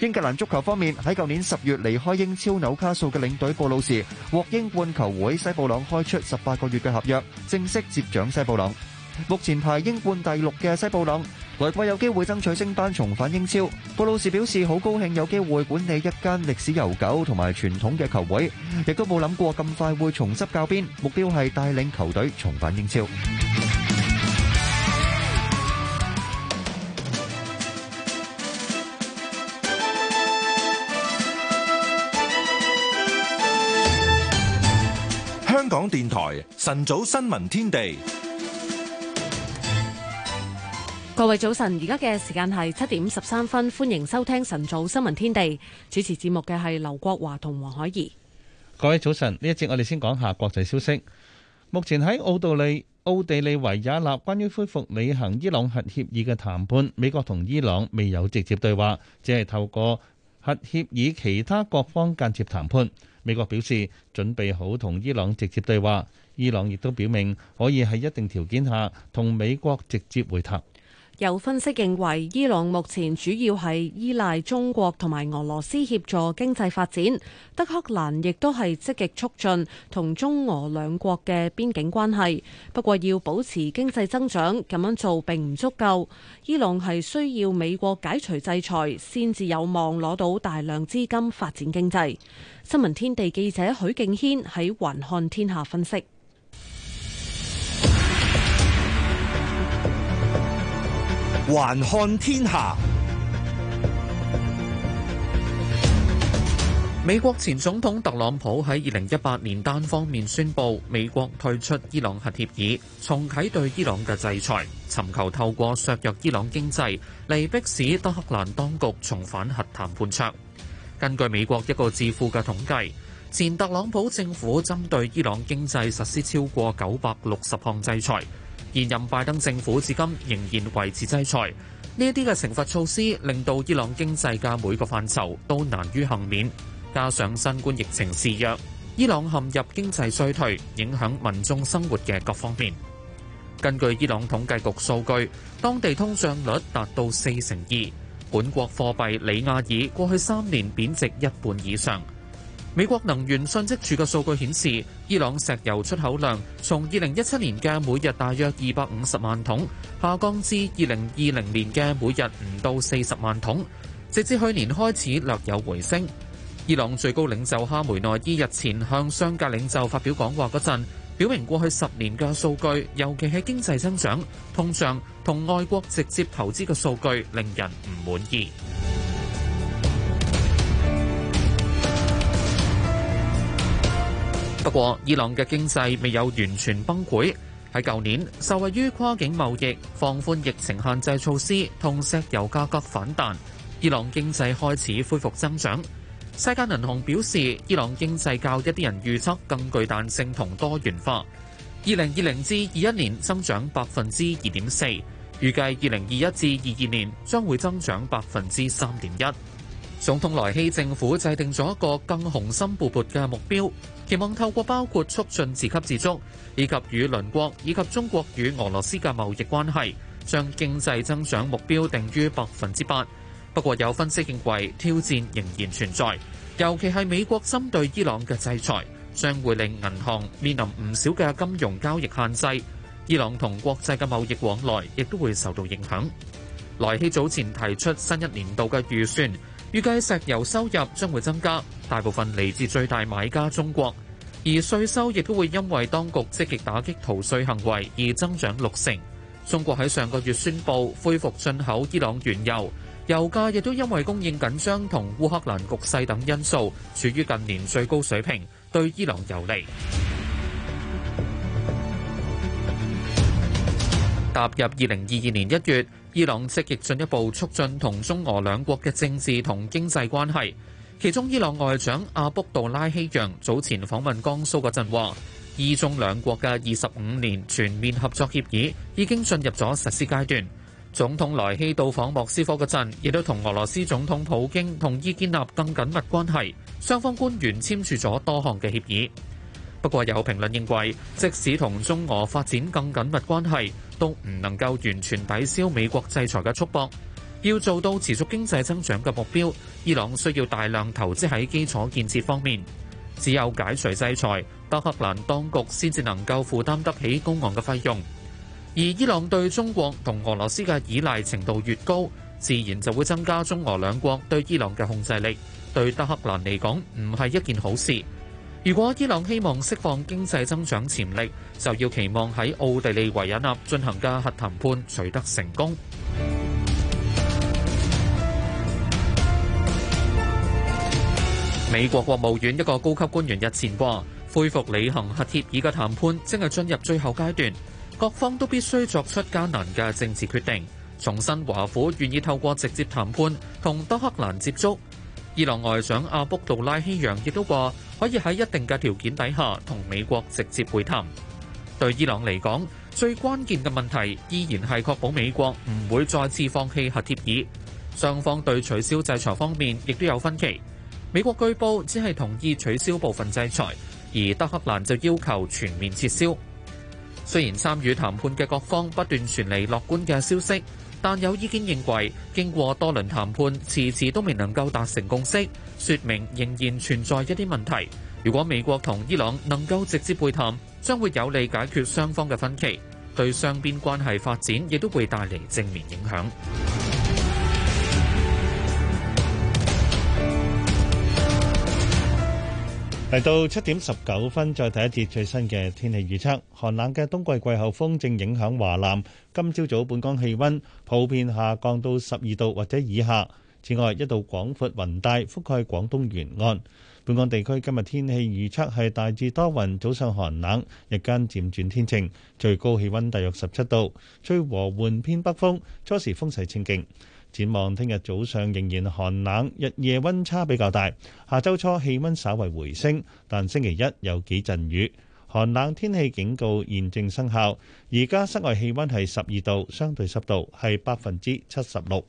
英格蘭足球方面喺舊年港電台晨早新聞天地，各位早晨，而家嘅時間係七點十三分，歡迎收聽晨早新聞天地。主持節目嘅係劉國華同黃海怡。各位早晨，呢一節我哋先講下國際消息。目前喺澳杜利亞、奧地利維也納關於恢復履行伊朗核協議嘅談判，美國同伊朗未有直接對話，只係透過核協議其他各方間接談判。美國表示準備好同伊朗直接對話，伊朗亦都表明可以喺一定條件下同美國直接會談。有分析認為，伊朗目前主要係依賴中國同埋俄羅斯協助經濟發展，德黑蘭亦都係積極促進同中俄兩國嘅邊境關係。不過，要保持經濟增長，咁樣做並唔足夠。伊朗係需要美國解除制裁，先至有望攞到大量資金發展經濟。新聞天地記者許敬軒喺環看天下分析。還看天下。美國前總統特朗普喺二零一八年單方面宣布美國退出伊朗核協議，重啟對伊朗嘅制裁，尋求透過削弱伊朗經濟嚟迫使德克蘭當局重返核談判桌。根據美國一個智庫嘅統計，前特朗普政府針對伊朗經濟實施超過九百六十項制裁。現任拜登政府至今仍然維持制裁，呢一啲嘅懲罰措施令到伊朗經濟嘅每個範疇都難於幸免。加上新冠疫情肆虐，伊朗陷入經濟衰退，影響民眾生活嘅各方面。根據伊朗統計局數據，當地通脹率達到四成二，本國貨幣里亞爾過去三年貶值一半以上。美國能源信息署嘅數據顯示，伊朗石油出口量從二零一七年嘅每日大約二百五十萬桶，下降至二零二零年嘅每日唔到四十萬桶，直至去年開始略有回升。伊朗最高領袖哈梅內伊日前向商界領袖發表講話嗰陣，表明過去十年嘅數據，尤其係經濟增長、通脹同外國直接投資嘅數據，令人唔滿意。不過，伊朗嘅經濟未有完全崩潰。喺舊年，受惠於跨境貿易、放寬疫情限制措施同石油價格反彈，伊朗經濟開始恢復增長。世界銀行表示，伊朗經濟較一啲人預測更具彈性同多元化。二零二零至二一年增長百分之二點四，預計二零二一至二二年將會增長百分之三點一。總統萊希政府制定咗一個更雄心勃勃嘅目標。期望透過包括促進自給自足，以及與鄰國以及中國與俄羅斯嘅貿易關係，將經濟增長目標定於百分之八。不過有分析認為挑戰仍然存在，尤其係美國針對伊朗嘅制裁，將會令銀行面臨唔少嘅金融交易限制。伊朗同國際嘅貿易往來亦都會受到影響。萊希早前提出新一年度嘅預算。預計石油收入將會增加，大部分嚟自最大買家中國，而稅收亦都會因為當局積極打擊逃稅行為而增長六成。中國喺上個月宣布恢復進口伊朗原油，油價亦都因為供應緊張同烏克蘭局勢等因素，處於近年最高水平，對伊朗有利。 [NOISE] 踏入二零二二年一月。伊朗積極進一步促進同中俄兩國嘅政治同經濟關係，其中伊朗外長阿卜杜拉希揚早前訪問江蘇嗰陣話，伊中兩國嘅二十五年全面合作協議已經進入咗實施階段。總統萊希到訪莫斯科嗰陣，亦都同俄羅斯總統普京同意建立更緊密關係，雙方官員簽署咗多項嘅協議。不過有評論認為，即使同中俄發展更緊密關係，都唔能夠完全抵消美國制裁嘅束縛。要做到持續經濟增長嘅目標，伊朗需要大量投資喺基礎建設方面。只有解除制裁，德黑蘭當局先至能夠負擔得起高昂嘅費用。而伊朗對中國同俄羅斯嘅依賴程度越高，自然就會增加中俄兩國對伊朗嘅控制力，對德黑蘭嚟講唔係一件好事。如果伊朗希望釋放經濟增長潛力，就要期望喺奧地利維也納進行嘅核談判取得成功。 [MUSIC] 美國國務院一個高級官員日前話，恢復履行核協議嘅談判正係進入最後階段，各方都必須作出艱難嘅政治決定。重申華府願意透過直接談判同德黑蘭接觸。伊朗外長阿卜杜拉希揚亦都話，可以喺一定嘅條件底下同美國直接會談。對伊朗嚟講，最關鍵嘅問題依然係確保美國唔會再次放棄核協議。雙方對取消制裁方面亦都有分歧。美國據報只係同意取消部分制裁，而德黑蘭就要求全面撤銷。雖然參與談判嘅各方不斷傳嚟樂觀嘅消息，但有意見認為，經過多輪談判，遲遲都未能夠達成共識，說明仍然存在一啲問題。如果美國同伊朗能夠直接會談，將會有利解決雙方嘅分歧，對雙邊關係發展亦都會帶嚟正面影響。嚟到七點十九分，再睇一節最新嘅天氣預測。寒冷嘅冬季季候風正影響華南。今朝早本港氣溫普遍下降到十二度或者以下。此外，一道廣闊雲帶覆蓋廣東沿岸。本港地區今日天，天氣預測係大致多雲，早上寒冷，日間漸轉天晴，最高氣溫大約十七度，吹和緩偏北風，初時風勢清勁。展望聽日早上仍然寒冷，日夜溫差比較大。下周初氣溫稍為回升，但星期一有幾陣雨。寒冷天氣警告現正生效。而家室外氣溫係十二度，相對濕度係百分之七十六。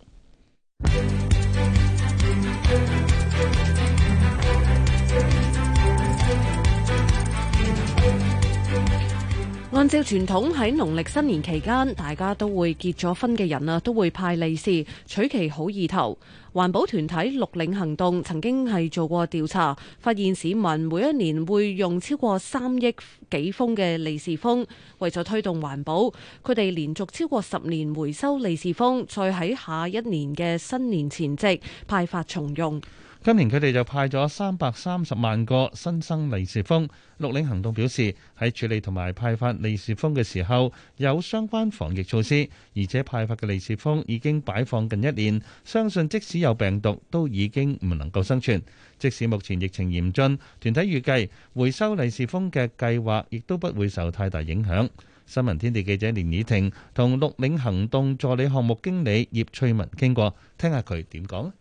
按照傳統，喺農曆新年期間，大家都會結咗婚嘅人啊，都會派利是，取其好意頭。環保團體綠領行動曾經係做過調查，發現市民每一年會用超過三億幾封嘅利是封，為咗推動環保，佢哋連續超過十年回收利是封，再喺下一年嘅新年前夕派發重用。今年佢哋就派咗三百三十萬個新生利是封。綠領行動表示，喺處理同埋派發利是封嘅時候，有相關防疫措施，而且派發嘅利是封已經擺放近一年，相信即使有病毒都已經唔能夠生存。即使目前疫情嚴峻，團體預計回收利是封嘅計劃亦都不會受太大影響。新聞天地記者連綺婷同綠領行動助理項目經理葉翠文傾過，聽下佢點講。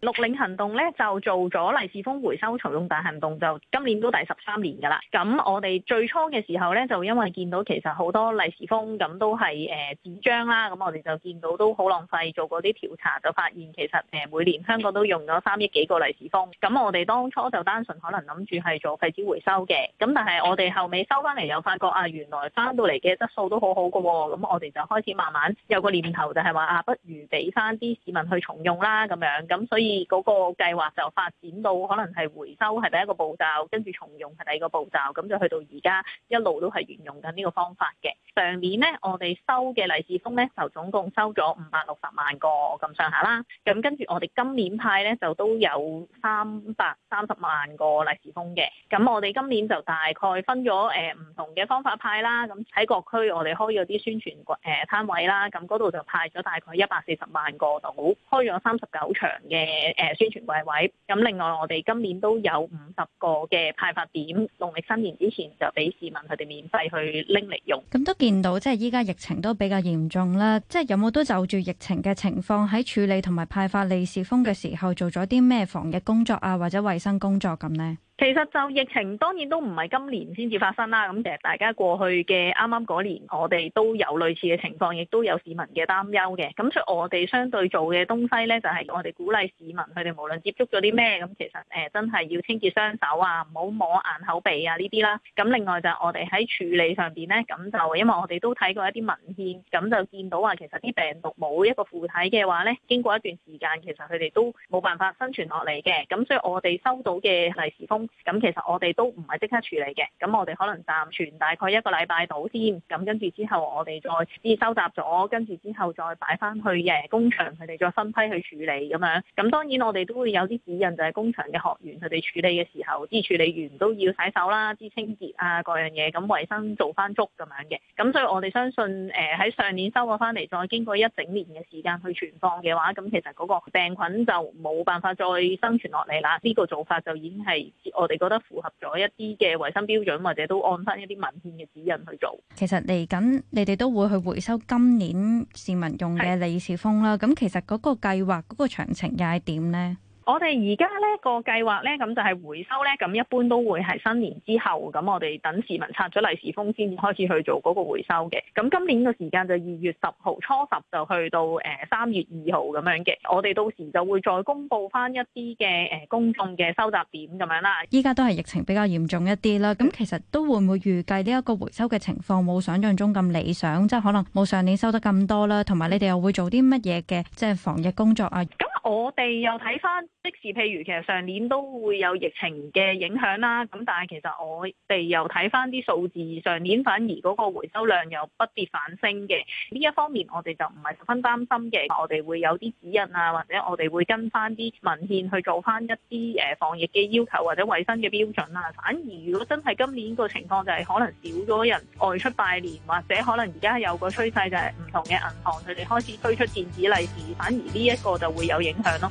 綠領行動咧就做咗利是封回收重用大行動，就今年都第十三年噶啦。咁我哋最初嘅時候咧，就因為見到其實好多利是封咁都係誒紙張啦，咁我哋就見到都好浪費，做過啲調查就發現其實誒每年香港都用咗三億幾個利是封。咁我哋當初就單純可能諗住係做廢紙回收嘅，咁但係我哋後尾收翻嚟又發覺啊，原來翻到嚟嘅質素都好好噶喎。咁我哋就開始慢慢有個念頭就，就係話啊，不如俾翻啲市民去重用啦咁樣。咁所以。嗰個計劃就發展到可能係回收係第一個步驟，跟住重用係第二個步驟，咁就去到而家一路都係沿用緊呢個方法嘅。上年呢，我哋收嘅利是封呢，就總共收咗五百六十萬個咁上下啦。咁跟住我哋今年派呢，就都有三百三十萬個利是封嘅。咁我哋今年就大概分咗誒唔同嘅方法派啦。咁喺各區我哋開咗啲宣傳誒攤位啦，咁嗰度就派咗大概一百四十萬個到，開咗三十九場嘅。誒誒、呃，宣傳櫃位，咁另外我哋今年都有五十個嘅派發點，農曆新年之前就俾市民佢哋免費去拎嚟用。咁都見到即係依家疫情都比較嚴重啦，即係有冇都就住疫情嘅情況喺處理同埋派發利是封嘅時候做咗啲咩防疫工作啊，或者衛生工作咁呢？其實就疫情當然都唔係今年先至發生啦，咁其實大家過去嘅啱啱嗰年，我哋都有類似嘅情況，亦都有市民嘅擔憂嘅。咁所以我哋相對做嘅東西咧，就係、是、我哋鼓勵市民佢哋無論接觸咗啲咩，咁其實誒、呃、真係要清潔雙手啊，唔好摸眼口鼻啊呢啲啦。咁另外就我哋喺處理上面咧，咁就因為我哋都睇過一啲文獻，咁就見到話其實啲病毒冇一個附體嘅話咧，經過一段時間，其實佢哋都冇辦法生存落嚟嘅。咁所以我哋收到嘅利是封。咁其實我哋都唔係即刻處理嘅，咁我哋可能暫存大概一個禮拜到先，咁跟住之後我哋再先收集咗，跟住之後再擺翻去誒工場，佢哋再分批去處理咁樣。咁當然我哋都會有啲指引，就係工場嘅學員佢哋處理嘅時候，啲處理員都要洗手啦，啲清潔啊各樣嘢，咁衞生做翻足咁樣嘅。咁所以我哋相信誒喺上年收過翻嚟，再經過一整年嘅時間去存放嘅話，咁其實嗰個病菌就冇辦法再生存落嚟啦。呢個做法就已經係。我哋覺得符合咗一啲嘅衞生標準，或者都按返一啲文件嘅指引去做。其實嚟緊，你哋都會去回收今年市民用嘅利是封啦。咁其實嗰個計劃嗰個詳情又係點呢？我哋而家呢個計劃呢，咁就係回收呢。咁一般都會係新年之後，咁我哋等市民拆咗利是封先開始去做嗰個回收嘅。咁今年嘅時間就二月十號，初十就去到誒三月二號咁樣嘅。我哋到時就會再公布翻一啲嘅誒公眾嘅收集點咁樣啦。依家都係疫情比較嚴重一啲啦，咁其實都會唔會預計呢一個回收嘅情況冇想象中咁理想，即係可能冇上年收得咁多啦，同埋你哋又會做啲乜嘢嘅即係防疫工作啊？咁我哋又睇翻。即使譬如，其實上年都會有疫情嘅影響啦，咁但係其實我哋又睇翻啲數字，上年反而嗰個回收量又不跌反升嘅。呢一方面我哋就唔係十分擔心嘅，我哋會有啲指引啊，或者我哋會跟翻啲文獻去做翻一啲誒防疫嘅要求或者衛生嘅標準啊。反而如果真係今年個情況就係可能少咗人外出拜年，或者可能而家有個趨勢就係唔同嘅銀行佢哋開始推出電子利是，反而呢一個就會有影響咯。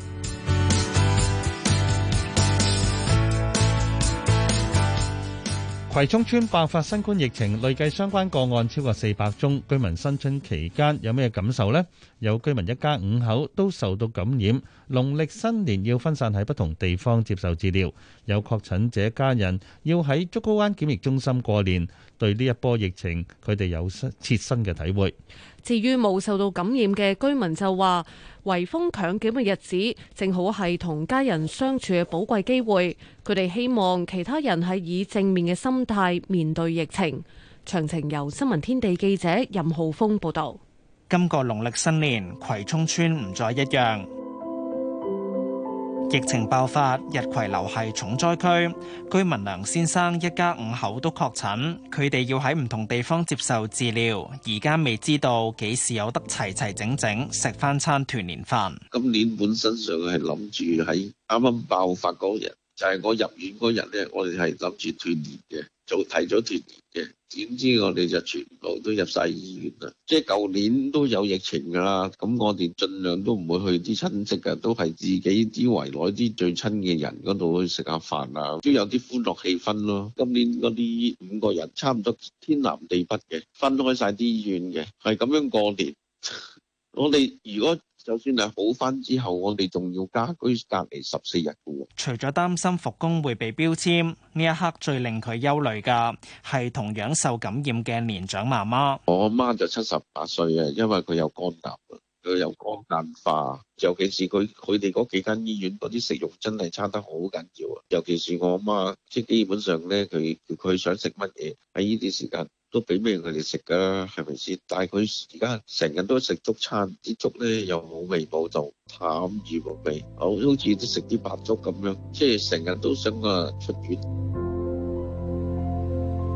葵涌村爆發新冠疫情，累計相關個案超過四百宗。居民新春期間有咩感受呢？有居民一家五口都受到感染，農曆新年要分散喺不同地方接受治療。有確診者家人要喺竹篙灣檢疫中心過年。對呢一波疫情，佢哋有切身嘅體會。至於冇受到感染嘅居民就話：圍封強檢嘅日子，正好係同家人相處嘅寶貴機會。佢哋希望其他人係以正面嘅心態面對疫情。詳情由新聞天地記者任浩峰報道。今個農曆新年，葵涌村唔再一樣。疫情爆發，逸葵樓係重災區，居民梁先生一家五口都確診，佢哋要喺唔同地方接受治療，而家未知道幾時有得齊齊整整食翻餐團年飯。今年本身上係諗住喺啱啱爆發嗰日，就係、是、我入院嗰日咧，我哋係諗住團年嘅。早提咗團嘅，點知我哋就全部都入晒醫院啦。即係舊年都有疫情噶啦，咁我哋盡量都唔會去啲親戚啊，都係自己啲圍內啲最親嘅人嗰度去食下飯啊，都有啲歡樂氣氛咯。今年嗰啲五個人差唔多天南地北嘅，分開晒啲醫院嘅，係咁樣過年。 [LAUGHS] 我哋如果就算係好翻之後，我哋仲要家居隔離十四日嘅喎。除咗擔心復工會被標籤，呢一刻最令佢憂慮嘅係同樣受感染嘅年長媽媽。我阿媽就七十八歲啊，因為佢有肝癌，佢有肝硬化。尤其是佢佢哋嗰幾間醫院嗰啲食用真係差得好緊要啊。尤其是我阿媽，即係基本上咧，佢佢想食乜嘢喺呢啲時間。都俾命佢哋食噶啦，係咪先？但係佢而家成日都食粥餐，啲粥咧又冇味冇度，淡而無味，好好似都食啲白粥咁樣，即係成日都想話、啊、出院。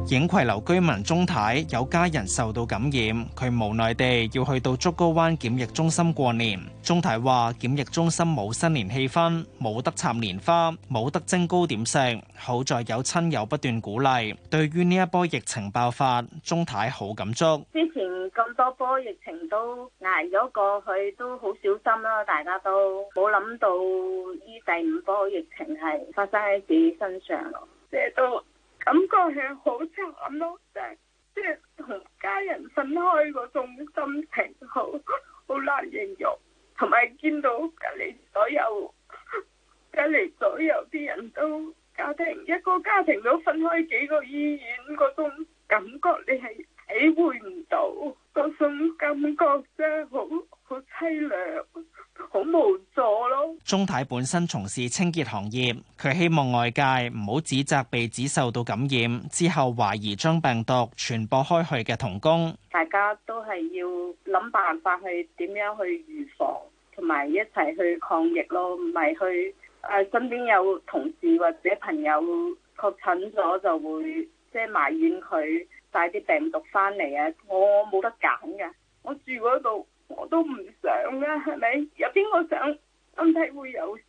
影葵樓居民鍾太有家人受到感染，佢無奈地要去到竹篙灣檢疫中心過年。鍾太話檢疫中心冇新年氣氛，冇得插蓮花，冇得蒸糕點食。好在有親友不斷鼓勵。對於呢一波疫情爆發，鍾太好感觸。之前咁多波疫情都捱咗過去，都好小心啦。大家都冇諗到呢第五波疫情係發生喺自己身上咯，即係都。感覺係好淒慘咯，即係即係同家人分開嗰種心情，好好難形容。同埋見到隔籬所有隔籬所有啲人都家庭一個家庭都分開幾個醫院嗰種感覺，你係體會唔到嗰種感覺，真係好好淒涼。好無助咯！鐘太本身從事清潔行業，佢希望外界唔好指責被指受到感染之後懷疑將病毒傳播開去嘅同工。大家都係要諗辦法去點樣去預防，同埋一齊去抗疫咯，唔係去誒身邊有同事或者朋友確診咗就會即係、就是、埋怨佢帶啲病毒翻嚟啊！我冇得揀噶，我住嗰度。我都唔想啦，啊，係咪？有邊個想身體會有事？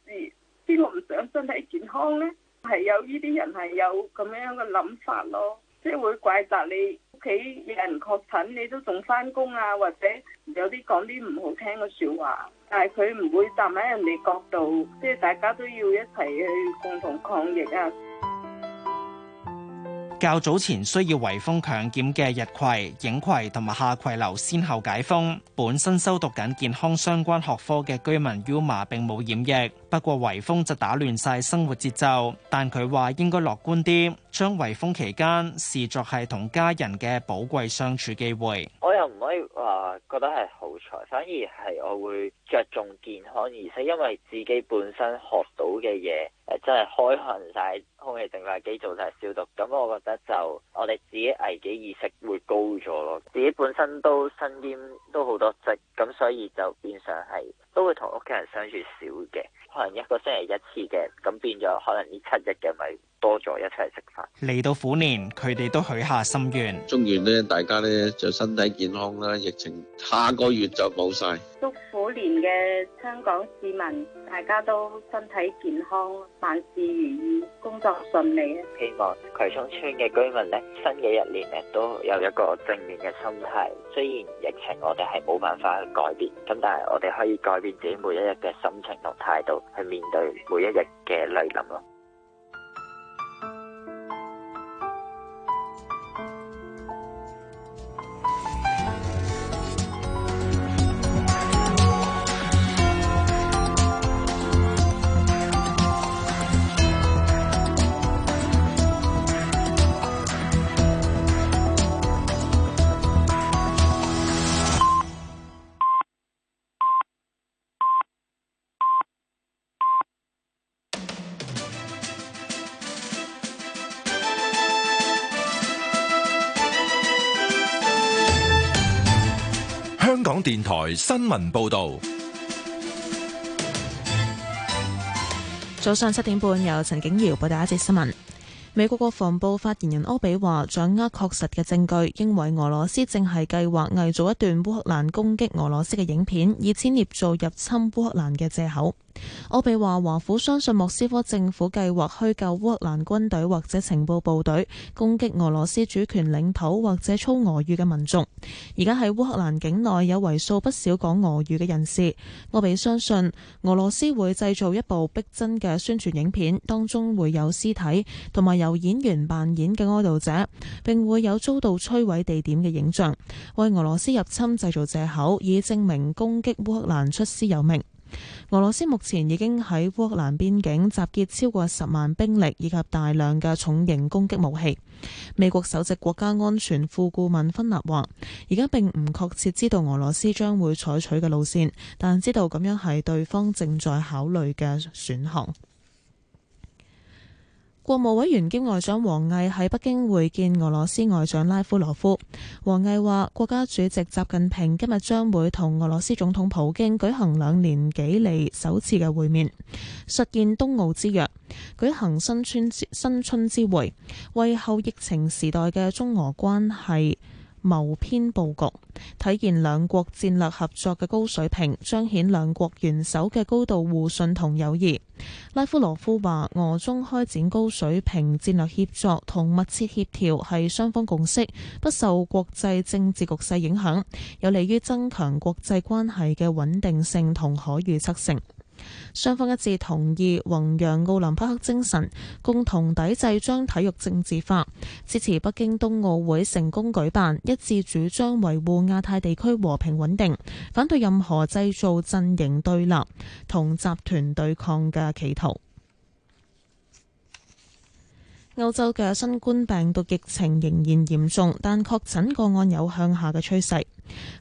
邊個唔想身體健康呢？係有呢啲人係有咁樣嘅諗法咯，即係會怪責你屋企人確診，你都仲翻工啊，或者有啲講啲唔好聽嘅説話，但係佢唔會站喺人哋角度，即係大家都要一齊去共同抗疫啊！較早前需要圍封強檢嘅日葵、影葵同埋夏葵樓先後解封，本身修讀緊健康相關學科嘅居民、y、Uma 並冇染疫，不過圍封就打亂晒生活節奏，但佢話應該樂觀啲。將圍封期間視作係同家人嘅寶貴相處機會，我又唔可以話覺得係好彩，反而係我會着重健康意識，因為自己本身學到嘅嘢，誒真係開行曬空氣淨化機做晒消毒，咁我覺得就我哋自己危機意識會高咗咯，自己本身都身兼都好多職，咁所以就變相係都會同屋企人相處少嘅，可能一個星期一次嘅，咁變咗可能呢七日嘅咪。多咗一齊食飯。嚟到虎年，佢哋都許下心願。祝願咧，大家咧就身體健康啦。疫情下個月就冇晒。祝虎年嘅香港市民，大家都身體健康，萬事如意，工作順利。希望葵涌村嘅居民咧，新嘅一年咧，都有一個正面嘅心態。雖然疫情，我哋係冇辦法去改變，咁但係我哋可以改變自己每一日嘅心情同態度，去面對每一日嘅來臨咯。電台新聞報道，早上七點半由陳景瑤報道一節新聞。美國國防部發言人歐比華話，掌握確實嘅證據，認為俄羅斯正係計劃偽造一段烏克蘭攻擊俄羅斯嘅影片，以牽捏做入侵烏克蘭嘅借口。我比話華府相信莫斯科政府計劃虛構烏克蘭軍隊或者情報部隊攻擊俄羅斯主權領土或者操俄語嘅民眾。而家喺烏克蘭境內有為數不少講俄語嘅人士，我比相信俄羅斯會製造一部逼真嘅宣傳影片，當中會有屍體同埋由演員扮演嘅哀悼者，並會有遭到摧毀地點嘅影像，為俄羅斯入侵製造借口，以證明攻擊烏克蘭出師有名。俄羅斯目前已經喺烏克蘭邊境集結超過十萬兵力，以及大量嘅重型攻擊武器。美國首席國家安全副顧問芬納話，而家並唔確切知道俄羅斯將會採取嘅路線，但知道咁樣係對方正在考慮嘅選項。國務委員兼外長王毅喺北京會見俄羅斯外長拉夫羅夫。王毅話：國家主席習近平今日將會同俄羅斯總統普京舉行兩年幾嚟首次嘅會面，實現冬奧之約，舉行新春、新春之會，為後疫情時代嘅中俄關係，謀篇布局，體現兩國戰略合作嘅高水平，彰顯兩國元首嘅高度互信同友誼。拉夫羅夫話：俄中開展高水平戰略協作同密切協調係雙方共識，不受國際政治局勢影響，有利於增強國際關係嘅穩定性同可預測性。雙方一致同意弘揚奧林匹克精神，共同抵制將體育政治化，支持北京冬奧會成功舉辦，一致主張維護亞太地區和平穩定，反對任何製造陣營對立同集團對抗嘅企圖。歐洲嘅新冠病毒疫情仍然嚴重，但確診個案有向下嘅趨勢。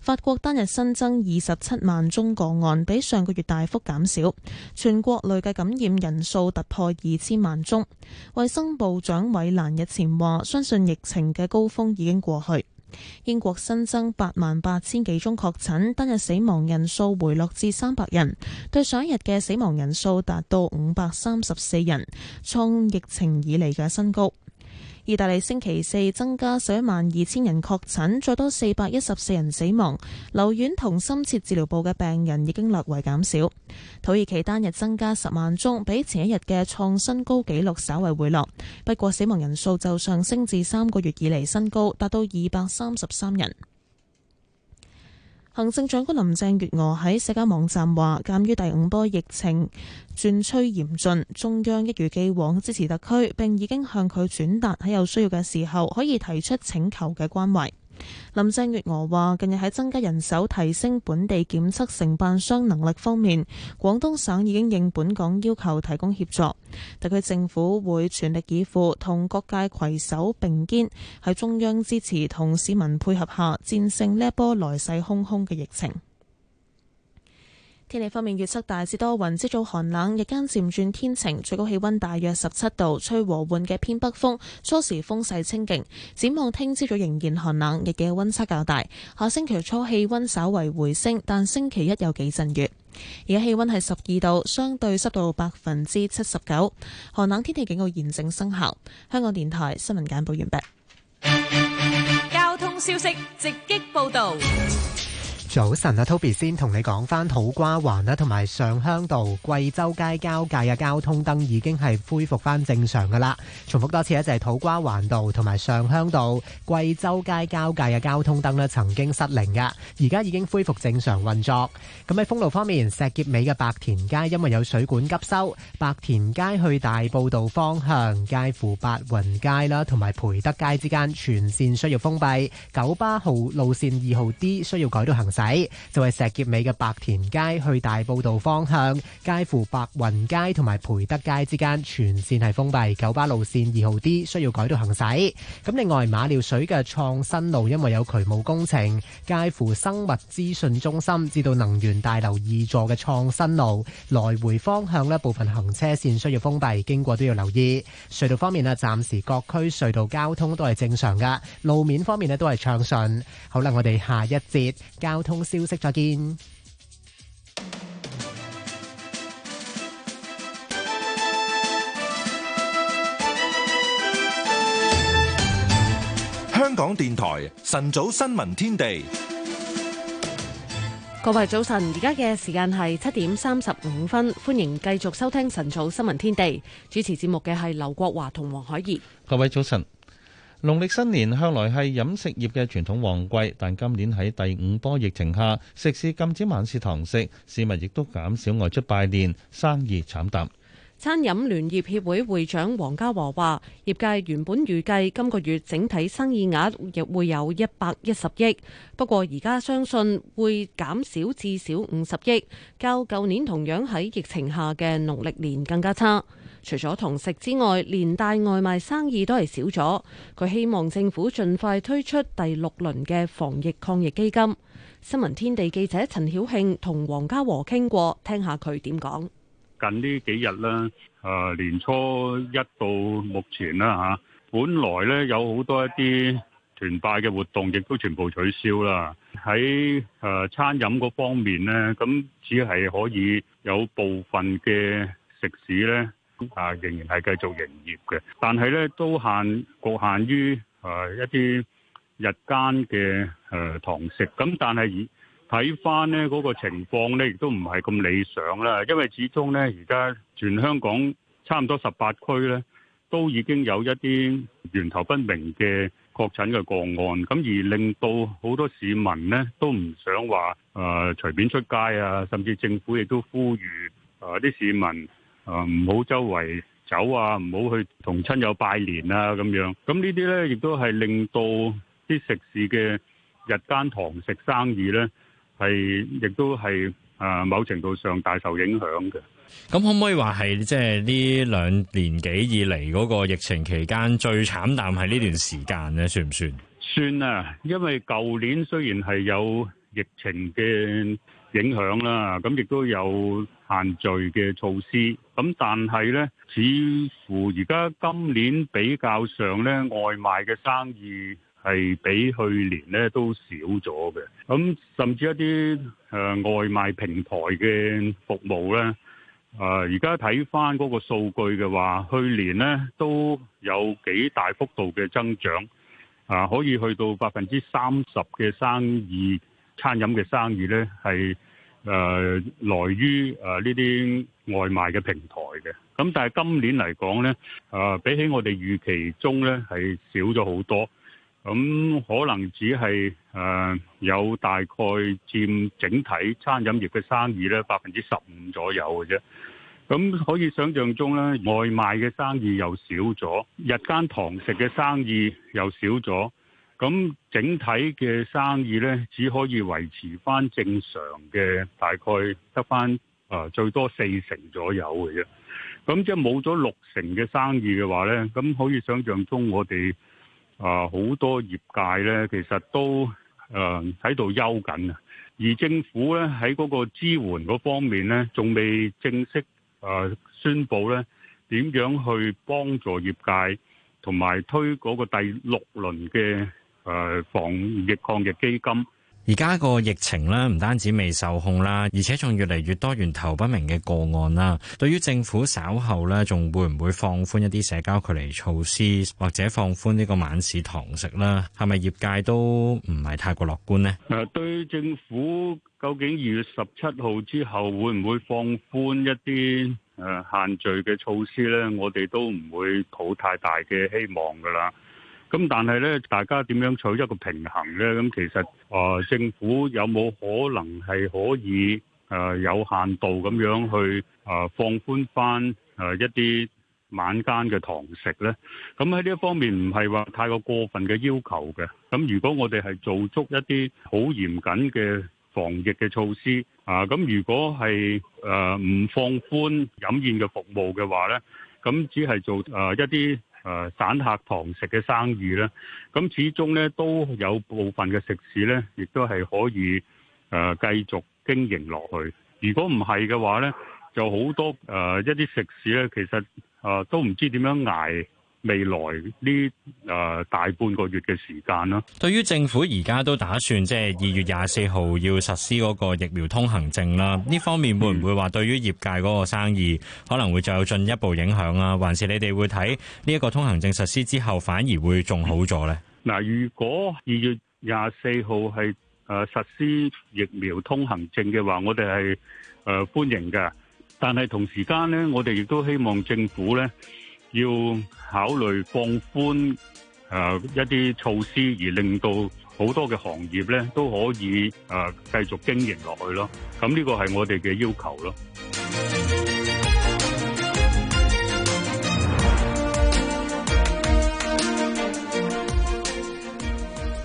法國單日新增二十七萬宗個案，比上個月大幅減少，全國累計感染人數突破二千萬宗。衛生部長韋蘭日前話，相信疫情嘅高峰已經過去。英國新增八萬八千幾宗確診，單日死亡人數回落至三百人，對上一日嘅死亡人數達到五百三十四人，創疫情以嚟嘅新高。意大利星期四增加十一萬二千人確診，再多四百一十四人死亡。留院同深切治療部嘅病人已經略為減少。土耳其單日增加十萬宗，比前一日嘅創新高紀錄稍為回落，不過死亡人數就上升至三個月以嚟新高，達到二百三十三人。行政長官林鄭月娥喺社交網站話，鑑於第五波疫情轉趨嚴峻，中央一如既往支持特區，並已經向佢轉達喺有需要嘅時候可以提出請求嘅關懷。林鄭月娥話：近日喺增加人手、提升本地檢測承辦商能力方面，廣東省已經應本港要求提供協助。特區政府會全力以赴，同各界攜手並肩，喺中央支持同市民配合下，戰勝呢一波來勢洶洶嘅疫情。天氣方面，預測大致多雲，朝早寒冷，日間漸轉天晴，最高氣温大約十七度，吹和緩嘅偏北風，初時風勢清勁。展望聽朝早仍然寒冷，日嘅温差較大。下星期初氣温稍為回升，但星期一有幾陣雨。而家氣温係十二度，相對濕度百分之七十九，寒冷天氣警告現正生效。香港電台新聞簡報完畢。交通消息直擊報道。早晨啊，Toby 先同你講翻土瓜灣啦，同埋上鄉道、貴州街交界嘅交通燈已經係恢復翻正常噶啦。重複多次咧，就係土瓜灣道同埋上鄉道、貴州街交界嘅交通燈咧，曾經失靈噶，而家已經恢復正常運作。咁喺封路方面，石硤尾嘅白田街因為有水管急修，白田街去大埔道方向介乎白雲街啦同埋培德街之間全線需要封閉，九八號路線二號 D 需要改道行。就係石硤尾嘅白田街去大埔道方向，介乎白雲街同埋培德街之間全綫係封閉。九巴路綫二號 D 需要改道行駛。咁另外馬料水嘅創新路因為有渠務工程，介乎生物資訊中心至到能源大樓二座嘅創新路來回方向咧，部分行車綫需要封閉，經過都要留意。隧道方面啊，暫時各區隧道交通都係正常噶，路面方面咧都係暢順。好啦，我哋下一節交通。通消息，再見。香港電台晨早新聞天地，各位早晨，而家嘅時間係七點三十五分，歡迎繼續收聽晨早新聞天地。主持節目嘅係劉國華同黃海怡。各位早晨。農曆新年向來係飲食業嘅傳統旺季，但今年喺第五波疫情下，食肆禁止晚市堂食，市民亦都減少外出拜年，生意慘淡。餐飲聯業協會會長黃家和話：業界原本預計今個月整體生意額亦會有一百一十億，不過而家相信會減少至少五十億，較舊年同樣喺疫情下嘅農曆年更加差。除咗同食之外，連帶外賣生意都係少咗。佢希望政府盡快推出第六輪嘅防疫抗疫基金。新聞天地記者陳曉慶同黃家和傾過，聽下佢點講。近呢幾日咧，誒年初一到目前啦嚇，本來咧有好多一啲團拜嘅活動，亦都全部取消啦。喺誒餐飲嗰方面咧，咁只係可以有部分嘅食肆咧。啊，仍然係繼續營業嘅，但係咧都限局限於誒、呃、一啲日間嘅誒、呃、堂食。咁但係睇翻呢嗰、那個情況咧，亦都唔係咁理想啦。因為始終咧而家全香港差唔多十八區咧都已經有一啲源頭不明嘅確診嘅個案。咁而令到好多市民咧都唔想話誒、呃、隨便出街啊，甚至政府亦都呼籲誒啲、呃、市民。啊！唔好周圍走啊！唔好去同親友拜年啊！咁樣咁呢啲呢，亦都係令到啲食肆嘅日間堂食生意呢，係亦都係啊，某程度上大受影響嘅。咁可唔可以話係即係呢兩年幾以嚟嗰個疫情期間最慘淡係呢段時間呢？算唔算？算啊！因為舊年雖然係有疫情嘅影響啦，咁亦都有。限聚嘅措施，咁但係咧，似乎而家今年比較上咧，外賣嘅生意係比去年咧都少咗嘅。咁甚至一啲誒、呃、外賣平台嘅服務咧，誒而家睇翻嗰個數據嘅話，去年咧都有幾大幅度嘅增長啊、呃、可以去到百分之三十嘅生意，餐飲嘅生意咧係。誒、呃、來於誒呢啲外賣嘅平台嘅，咁但係今年嚟講呢，誒、呃、比起我哋預期中呢，係少咗好多，咁、嗯、可能只係誒、呃、有大概佔整體餐飲業嘅生意呢，百分之十五左右嘅啫。咁、嗯、可以想像中呢，外賣嘅生意又少咗，日間堂食嘅生意又少咗。咁整體嘅生意呢，只可以維持翻正常嘅大概得翻啊最多四成左右嘅啫。咁即係冇咗六成嘅生意嘅話呢，咁可以想象中我哋啊好多業界呢，其實都啊喺度休緊啊。而政府呢，喺嗰個支援嗰方面呢，仲未正式啊宣布呢點樣去幫助業界，同埋推嗰個第六輪嘅。誒，防疫抗疫基金，而家個疫情咧，唔單止未受控啦，而且仲越嚟越多源頭不明嘅個案啦。對於政府稍後咧，仲會唔會放寬一啲社交距離措施，或者放寬呢個晚市堂食啦，係咪業界都唔係太過樂觀咧？誒 [MUSIC] 對政府究竟二月十七號之後會唔會放寬一啲誒限聚嘅措施咧？我哋都唔會抱太大嘅希望噶啦。咁但係呢，大家點樣取一個平衡呢？咁其實啊、呃，政府有冇可能係可以誒、呃、有限度咁樣去啊、呃、放寬返誒一啲晚間嘅堂食呢？咁喺呢一方面唔係話太過過分嘅要求嘅。咁、嗯、如果我哋係做足一啲好嚴謹嘅防疫嘅措施啊，咁、嗯、如果係誒唔放寬飲宴嘅服務嘅話呢，咁、嗯、只係做誒、呃、一啲。誒、呃、散客堂食嘅生意咧，咁始終咧都有部分嘅食肆咧，亦都係可以誒、呃、繼續經營落去。如果唔係嘅話咧，就好多誒、呃、一啲食肆咧，其實誒、呃、都唔知點樣捱。未來呢誒大半個月嘅時間啦，對於政府而家都打算即係二月廿四號要實施嗰個疫苗通行證啦，呢方面會唔會話對於業界嗰個生意可能會再有進一步影響啊？還是你哋會睇呢一個通行證實施之後反而會仲好咗呢？嗱，如果二月廿四號係誒實施疫苗通行證嘅話，我哋係誒歡迎嘅，但係同時間呢，我哋亦都希望政府呢。要考慮放寬誒一啲措施，而令到好多嘅行業咧都可以誒繼續經營落去咯。咁呢個係我哋嘅要求咯。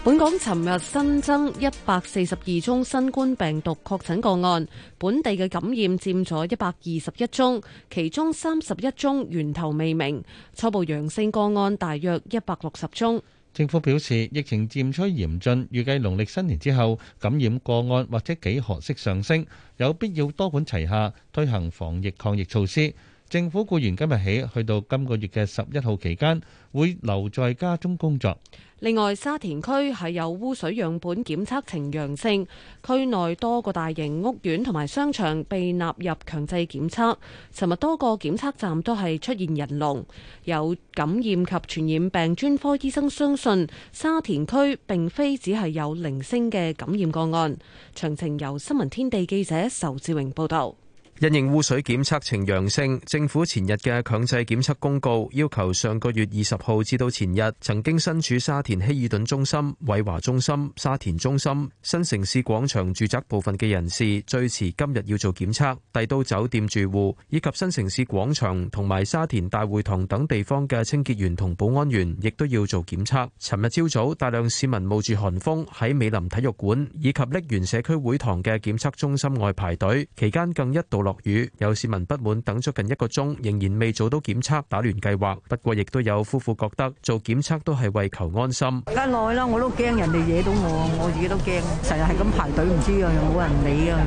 本港尋日新增一百四十二宗新冠病毒確診個案，本地嘅感染佔咗一百二十一宗，其中三十一宗源頭未明，初步陽性個案大約一百六十宗。政府表示，疫情漸趨嚴峻，預計農曆新年之後感染個案或者幾何式上升，有必要多管齊下推行防疫抗疫措施。政府僱員今日起去到今個月嘅十一號期間，會留在家中工作。另外，沙田區係有污水樣本檢測呈陽性，區內多個大型屋苑同埋商場被納入強制檢測。尋日多個檢測站都係出現人龍，有感染及傳染病專科醫生相信沙田區並非只係有零星嘅感染個案。詳情由新聞天地記者仇志榮報導。因形污水檢測呈陽性，政府前日嘅強制檢測公告要求上個月二十號至到前日曾經身處沙田希爾頓中心、偉華中心、沙田中心、新城市廣場住宅部分嘅人士，最遲今日要做檢測。帝都酒店住戶以及新城市廣場同埋沙田大會堂等地方嘅清潔員同保安員，亦都要做檢測。尋日朝早，大量市民冒住寒風喺美林體育館以及瀝源社區會堂嘅檢測中心外排隊，期間更一度。落雨，有市民不滿等咗近一個鐘，仍然未做到檢測，打亂計劃。不過亦都有夫婦覺得做檢測都係為求安心。唔得耐啦，我都驚人哋惹到我，我自己都驚。成日係咁排隊，唔知啊又冇人理啊。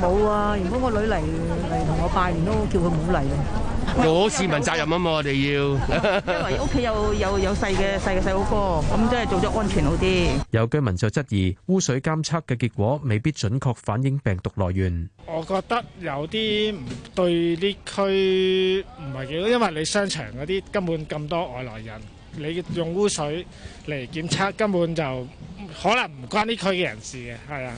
冇啊，如果個女嚟嚟同我拜年，都叫佢唔好嚟嘅。冇市民責任啊！嘛，我哋要。 [LAUGHS] 因為屋企有有有細嘅細嘅細佬哥，咁真係做咗安全好啲。有居民就質疑污水監測嘅結果未必準確反映病毒來源。我覺得有啲唔對，呢區唔係幾好，因為你商場嗰啲根本咁多外來人，你用污水嚟檢測根本就可能唔關呢區嘅人事嘅，係啊，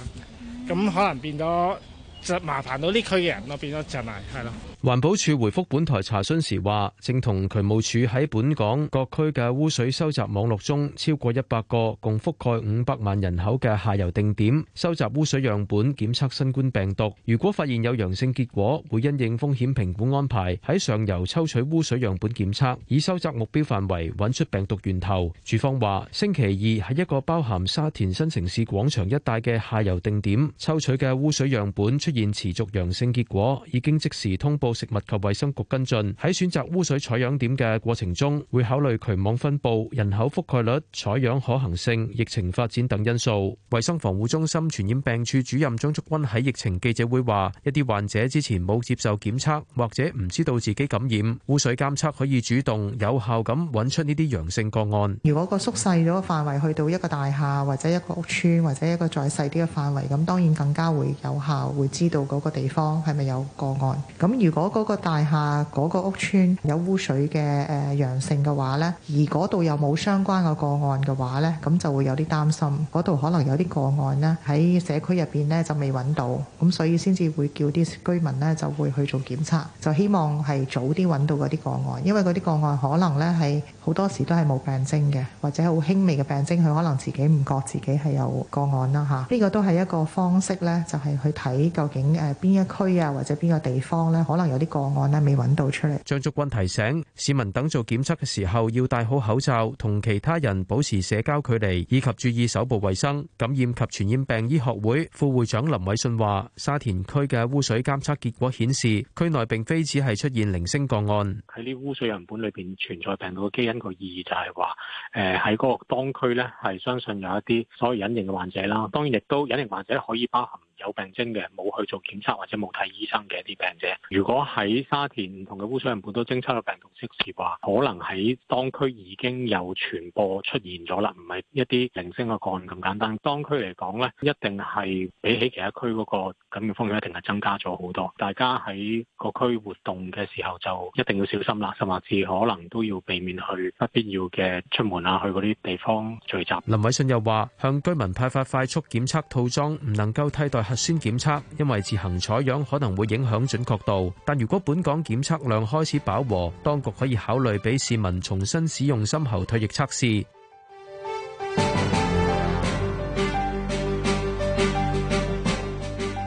咁可能變咗就麻煩到呢區嘅人咯，變咗就咪係咯。環保署回覆本台查詢時話，正同渠務署喺本港各區嘅污水收集網絡中，超過一百個共覆蓋五百萬人口嘅下游定點收集污水樣本檢測新冠病毒。如果發現有陽性結果，會因應風險評估安排喺上游抽取污水樣本檢測，以收集目標範圍揾出病毒源頭。署方話，星期二喺一個包含沙田新城市廣場一帶嘅下游定點抽取嘅污水樣本出現持續陽性結果，已經即時通報。食物及衛生局跟進喺選擇污水採樣點嘅過程中,會考慮渠網分布,人口覆蓋率,採樣可行性,疫情發展等因素。衛生防護中心傳染病處主任張竹君喺疫情,記者會話,一啲患者之前冇接受檢測,或者唔知道自己感染,污水監測可以主動有效咁揾出呢啲陽性個案。如果個縮細咗個範圍去到一個大廈,或者一個屋邨,或者一個再細啲嘅範圍,咁當然更加會有效,會知道嗰個地方係咪有個案。咁如果嗰個大廈嗰、嗰個屋邨有污水嘅誒陽性嘅話咧，而嗰度又冇相關嘅個案嘅話咧，咁就會有啲擔心。嗰度可能有啲個案咧，喺社區入邊咧就未揾到，咁所以先至會叫啲居民咧就會去做檢測，就希望係早啲揾到嗰啲個案，因為嗰啲個案可能咧係好多時都係冇病徵嘅，或者好輕微嘅病徵，佢可能自己唔覺自己係有個案啦吓。呢個都係一個方式咧，就係、是、去睇究竟誒邊一區啊，或者邊個地方咧可能。有啲個案未揾到出嚟。張竹君提醒，市民等做檢測嘅時候要戴好口罩，同其他人保持社交距離，以及注意手部衛生。感染及傳染病醫學會副會長林偉信話，沙田區嘅污水監測結果顯示，區內並非只係出現零星個案，喺啲污水樣本裏面，存在病毒嘅基因，個意義就係話，喺個當區呢，係相信有一啲所謂隱形嘅患者，當然亦都隱形的患者可以包含。有病徵嘅冇去做檢測或者冇睇醫生嘅一啲病者，如果喺沙田唔同嘅污水樣本都偵測到病毒，即係話可能喺當區已經有傳播出現咗啦，唔係一啲零星嘅個案咁簡單。當區嚟講咧，一定係比起其他區嗰個咁嘅風險一定係增加咗好多。大家喺個區活動嘅時候就一定要小心啦，甚至可能都要避免去不必要嘅出門啊，去嗰啲地方聚集。林偉信又話：向居民派發快速檢測套裝，唔能夠替代。核酸檢測，因為自行採樣可能會影響準確度。但如果本港檢測量開始飽和，當局可以考慮俾市民重新使用深喉唾液測試。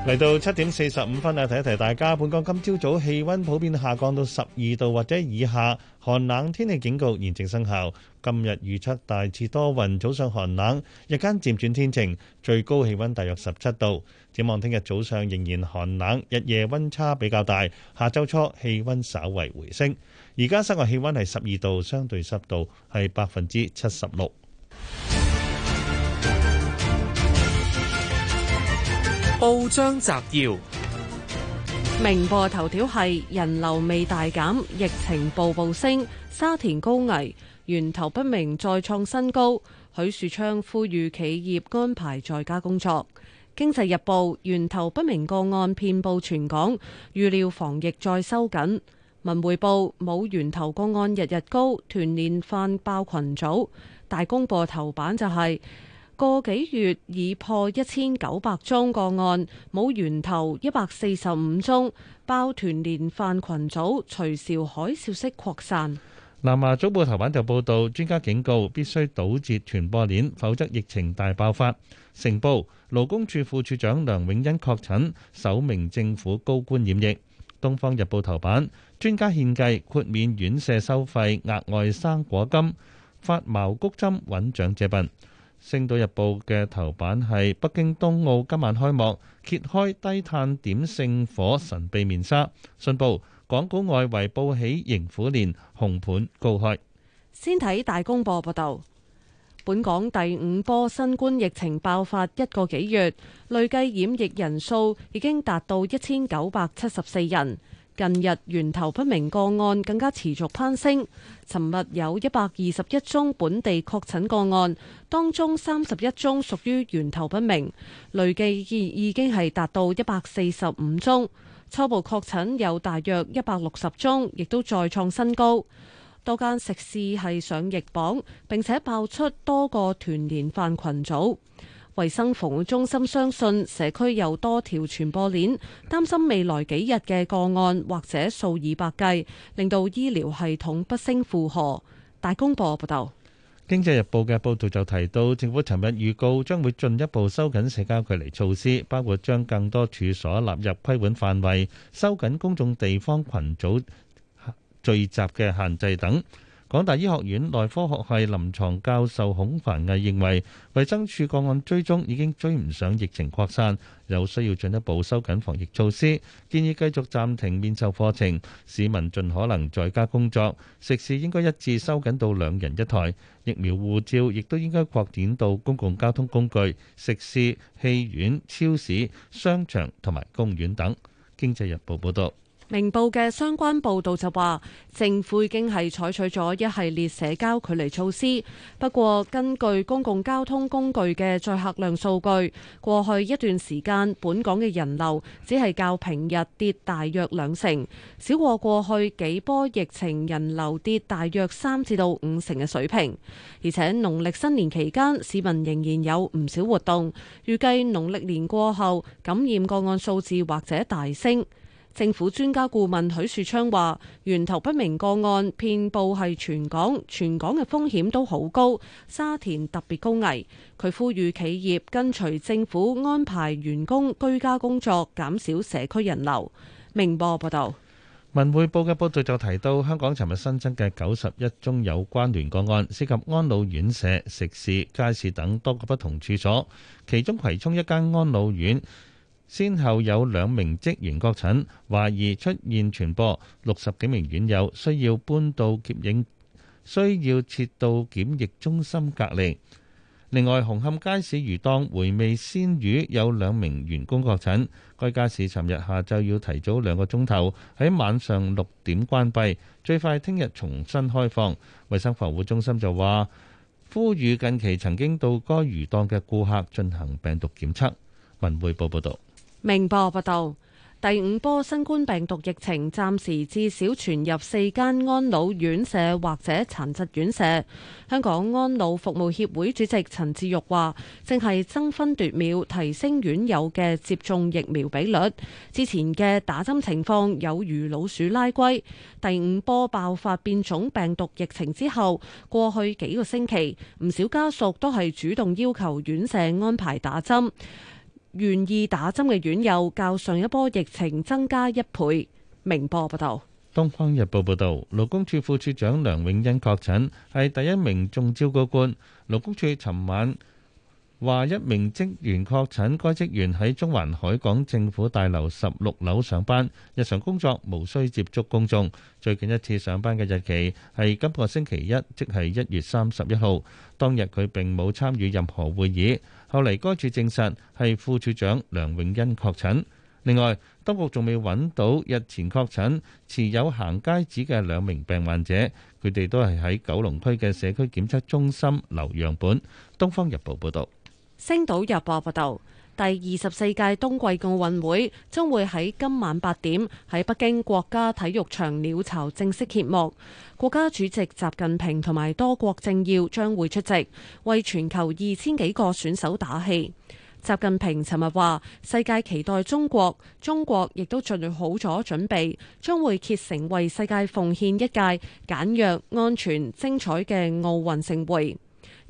嚟到七點四十五分啊，提一提大家，本港今朝早氣温普遍下降到十二度或者以下，寒冷天氣警告現正生效。今日預測大致多雲，早上寒冷，日間漸轉天晴，最高氣温大約十七度。展望聽日早上仍然寒冷，日夜温差比較大。下周初氣温稍為回升。而家室外氣温係十二度，相對濕度係百分之七十六。報章摘要：明報頭條係人流未大減，疫情步步升，沙田高危，源頭不明再創新高。許樹昌呼籲企業安排在家工作。經濟日報，源頭不明個案遍布全港，預料防疫再收緊。文匯報，冇源頭個案日日高，團年飯爆群組。大公報頭版就係、是。個幾月已破一千九百宗個案，冇源頭一百四十五宗，包團連飯群組，隨潮海消息擴散。南華早報頭版就報道，專家警告必須堵截傳播鏈，否則疫情大爆發。成報勞工處副處長梁永恩確診，首名政府高官染疫。《東方日報》頭版，專家獻計，豁免院舍收費，額外生果金發茅谷針揾長者病。《星島日報》嘅頭版係北京冬奧今晚開幕，揭開低碳點聖火神秘面紗。信報：港股外圍報喜迎虎年，紅盤高開。先睇大公報報道，本港第五波新冠疫情爆發一個幾月，累計染疫人數已經達到一千九百七十四人。近日源頭不明個案更加持續攀升，尋日有一百二十一宗本地確診個案，當中三十一宗屬於源頭不明，累計已已經係達到一百四十五宗。初步確診有大約一百六十宗，亦都再創新高。多間食肆係上疫榜，並且爆出多個團年飯群組。衛生防護中心相信社區有多條傳播鏈，擔心未來幾日嘅個案或者數以百計，令到醫療系統不勝負荷。大公報報道，《經濟日報》嘅報道就提到，政府尋日預告將會進一步收緊社交距離措施，包括將更多處所納入規管範圍、收緊公眾地方群組聚集嘅限制等。港大醫學院，內科學系臨床教授，孔凡毅，認為，衞生署個案追蹤已經追唔上疫情擴散，有需要進一步收緊防疫措施，建議繼續暫停面授課程，市民盡可能在家工作，食肆應該一致收緊到兩人一台，疫苗護照，亦都應該擴展到公共交通工具，食肆、戲院、超市、商場同埋公園等，經濟日報報道。明報嘅相關報道就話，政府已經係採取咗一系列社交距離措施。不過，根據公共交通工具嘅載客量數據，過去一段時間本港嘅人流只係較平日跌大約兩成，少過過去幾波疫情人流跌大約三至到五成嘅水平。而且農曆新年期間市民仍然有唔少活動，預計農曆年過後感染個案數字或者大升。政府專家顧問許樹昌話：源頭不明個案遍佈係全港，全港嘅風險都好高，沙田特別高危。佢呼籲企業跟隨政府安排員工居家工作，減少社區人流。明報報道。文匯報嘅報道就提到，香港尋日新增嘅九十一宗有關聯個案，涉及安老院舍、食肆、街市等多個不同處所，其中葵涌一間安老院。先後有兩名職員確診，懷疑出現傳播。六十幾名院友需要搬到檢疫，需要撤到檢疫中心隔離。另外，紅磡街市魚檔回味鮮魚有兩名員工確診，該街市尋日下晝要提早兩個鐘頭喺晚上六點關閉，最快聽日重新開放。衞生防護中心就話，呼籲近期曾經到該魚檔嘅顧客進行病毒檢測。文匯報報導。明報報道，第五波新冠病毒疫情暫時至少傳入四間安老院舍或者殘疾院舍。香港安老服務協會主席陳志玉話，正係爭分奪秒提升院友嘅接種疫苗比率。之前嘅打針情況有如老鼠拉龜。第五波爆發變種病毒疫情之後，過去幾個星期，唔少家屬都係主動要求院舍安排打針。願意打針嘅院友較上一波疫情增加一倍。明報報道，《東方日報》報道，勞工處副處長梁永欣確診，係第一名中招高官。勞工處尋晚話一名職員確診，該職員喺中環海港政府大樓十六樓上班，日常工作無需接觸公眾。最近一次上班嘅日期係今個星期一，即係一月三十一號，當日佢並冇參與任何會議。後嚟，該處證實係副處長梁永欣確診。另外，當局仲未揾到日前確診、持有行街紙嘅兩名病患者，佢哋都係喺九龍區嘅社區檢測中心留樣本。《東方日報》報道。《星島日報》報導。第二十四屆冬季奧運會將會喺今晚八點喺北京國家體育場鳥巢正式揭幕，國家主席習近平同埋多國政要將會出席，為全球二千幾個選手打氣。習近平尋日話：世界期待中國，中國亦都做好咗準備，將會竭誠為世界奉獻一屆簡約、安全、精彩嘅奧運盛會。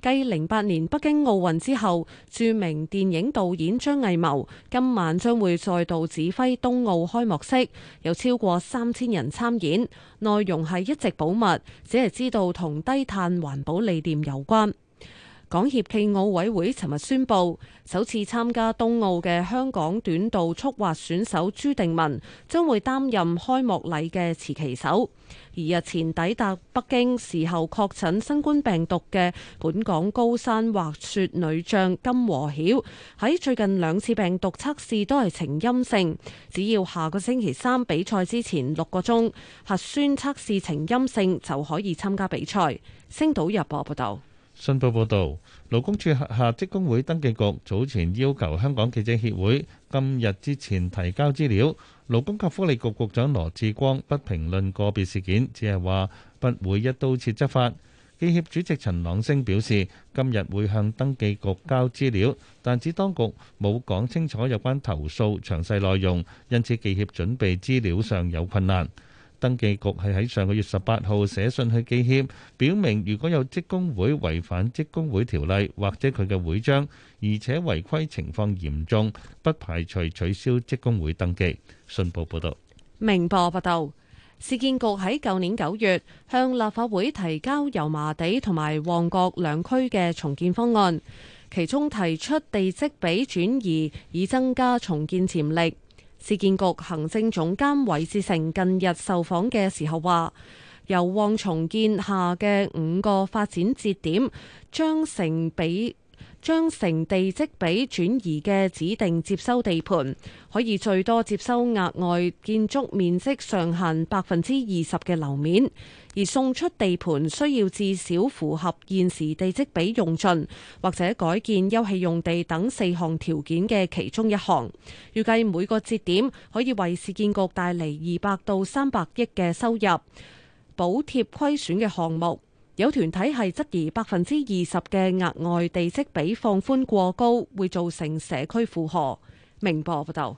繼零八年北京奧運之後，著名電影導演張藝謀今晚將會再度指揮冬奧開幕式，有超過三千人參演，內容係一直保密，只係知道同低碳環保理念有關。港協暨奧委會尋日宣佈，首次參加冬奧嘅香港短道速滑選手朱定文將會擔任開幕禮嘅持旗手。而日前抵達北京，時候確診新冠病毒嘅本港高山滑雪女將金和曉喺最近兩次病毒測試都係呈陰性，只要下個星期三比賽之前六個鐘核酸測試呈陰性就可以參加比賽。星島日報報道。信報報導，勞工處轄下職工會登記局早前要求香港記者協會今日之前提交資料。勞工及福利局局長羅致光不評論個別事件，只係話不會一刀切執法。記協主席陳朗昇表示，今日會向登記局交資料，但指當局冇講清楚有關投訴詳細內容，因此記協準備資料上有困難。登記局係喺上個月十八號寫信去教協，表明，如果有職工會違反職工會條例或者佢嘅會章，而且違規情況嚴重，不排除取消職工會登記。信報報道。明報報道，市建局喺舊年九月向立法會提交油麻地同埋旺角兩區嘅重建方案，其中提出地積比轉移以增加重建潛力。基建局行政總監韋志成近日受訪嘅時候話，由旺重建下嘅五個發展節點，將成比將成地積比轉移嘅指定接收地盤，可以最多接收額外建築面積上限百分之二十嘅樓面。而送出地盤需要至少符合現時地積比用盡或者改建休憩用地等四項條件嘅其中一項，預計每個節點可以為市建局帶嚟二百到三百億嘅收入補貼虧損嘅項目。有團體係質疑百分之二十嘅額外地積比放寬過高，會造成社區負荷。明報報道。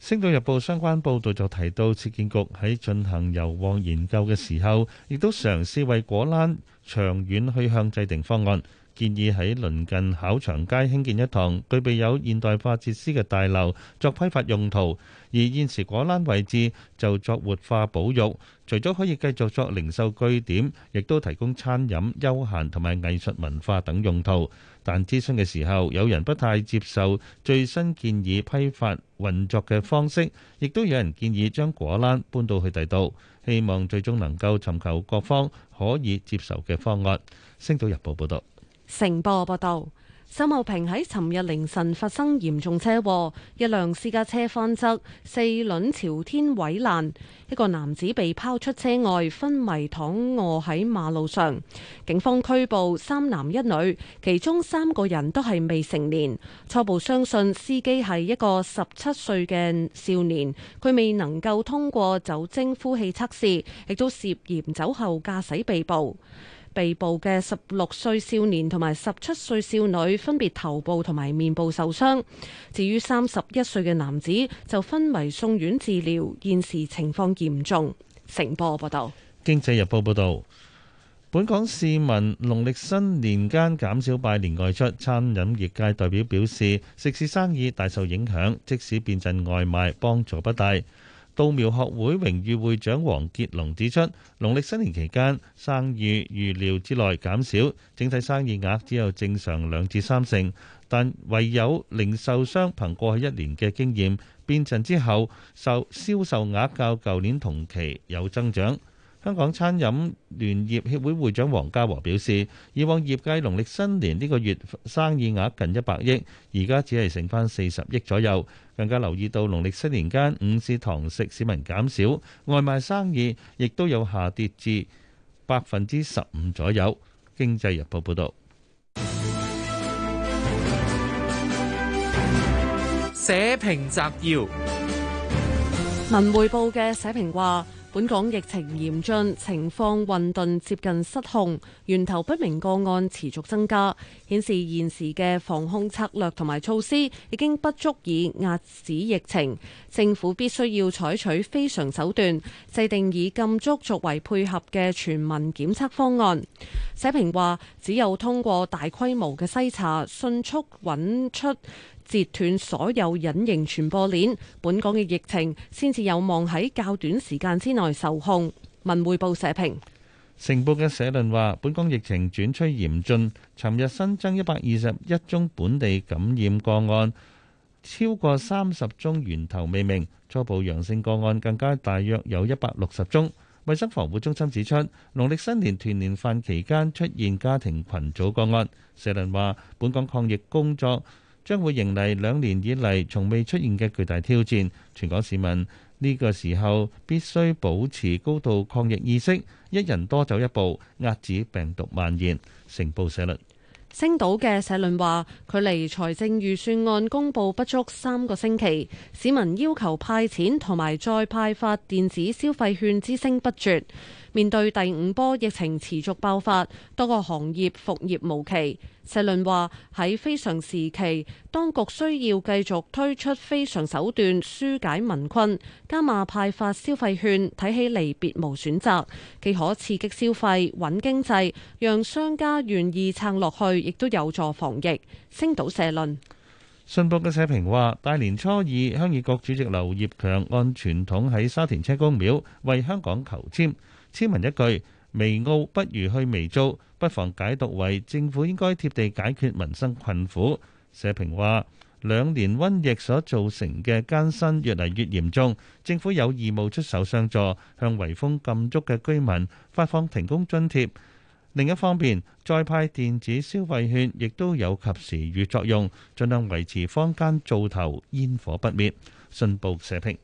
《星島日報》相關報導就提到，市建局喺進行油旺研究嘅時候，亦都嘗試為果欄長遠去向制定方案。建議喺鄰近考場街興建一棟具備有現代化設施嘅大樓，作批發用途；而現時果欄位置就作活化保育，除咗可以繼續作零售據點，亦都提供餐飲、休閒同埋藝術文化等用途。但諮詢嘅時候，有人不太接受最新建議批發運作嘅方式，亦都有人建議將果欄搬到去第度，希望最終能夠尋求各方可以接受嘅方案。星島日報報導。成報報道，沈茂平喺尋日凌晨發生嚴重車禍，一輛私家車翻側，四輪朝天，毀爛。一個男子被拋出車外，昏迷躺臥喺馬路上。警方拘捕三男一女，其中三個人都係未成年。初步相信司機係一個十七歲嘅少年，佢未能夠通過酒精呼氣測試，亦都涉嫌酒後駕駛被捕。被捕嘅十六歲少年同埋十七歲少女分別頭部同埋面部受傷，至於三十一歲嘅男子就昏迷送院治療，現時情況嚴重。成波報道。《經濟日報》報道，本港市民農曆新年間減少拜年外出，餐飲業界代表表示，食肆生意大受影響，即使變陣外賣，幫助不大。稻苗學會榮譽會長黃傑龍指出，農曆新年期間生意預料之內減少，整體生意額只有正常兩至三成，但唯有零售商憑過去一年嘅經驗變陣之後受銷售額較舊年同期有增長。香港餐飲聯業協會會長黃家和表示，以往業界農曆新年呢個月生意額近一百億，而家只係剩翻四十億左右。更加留意到農曆新年間午市堂食市民減少，外賣生意亦都有下跌至百分之十五左右。《經濟日報》報道，社評摘要，文匯報嘅社評話。本港疫情嚴峻，情況混沌接近失控，源頭不明個案持續增加，顯示現時嘅防控策略同埋措施已經不足以壓止疫情。政府必須要採取非常手段，制定以禁足作為配合嘅全民檢測方案。社評話，只有通過大規模嘅篩查，迅速揾出。截斷所有隱形傳播鏈，本港嘅疫情先至有望喺較短時間之內受控。文匯報社評。成報嘅社論話：，本港疫情轉趨嚴峻，尋日新增一百二十一宗本地感染個案，超過三十宗源頭未明，初步陽性個案更加大約有一百六十宗。衞生防護中心指出，農曆新年團年飯期間出現家庭群組個案。社論話：，本港抗疫工作。將會迎嚟兩年以嚟從未出現嘅巨大挑戰，全港市民呢個時候必須保持高度抗疫意識，一人多走一步，遏止病毒蔓延。成報社論，星島嘅社論話：距離財政預算案公布不足三個星期，市民要求派錢同埋再派發電子消費券之聲不絕。面對第五波疫情持續爆發，多個行業復業無期。社論話：喺非常時期，當局需要繼續推出非常手段，疏解民困，加碼派發消費券，睇起嚟別無選擇，既可刺激消費、穩經濟，讓商家願意撐落去，亦都有助防疫。星島社論。信報嘅社評話：大年初二，鄉議局主席劉業強按傳統喺沙田車公廟為香港求籤。村民一句微澳不如去微租，不妨解讀為政府應該貼地解決民生困苦。社評話：兩年瘟疫所造成嘅艱辛越嚟越嚴重，政府有義務出手相助，向圍封禁足嘅居民發放停工津貼。另一方面，再派電子消費券亦都有及時雨作用，盡量維持坊間灶頭煙火不滅。信報社評。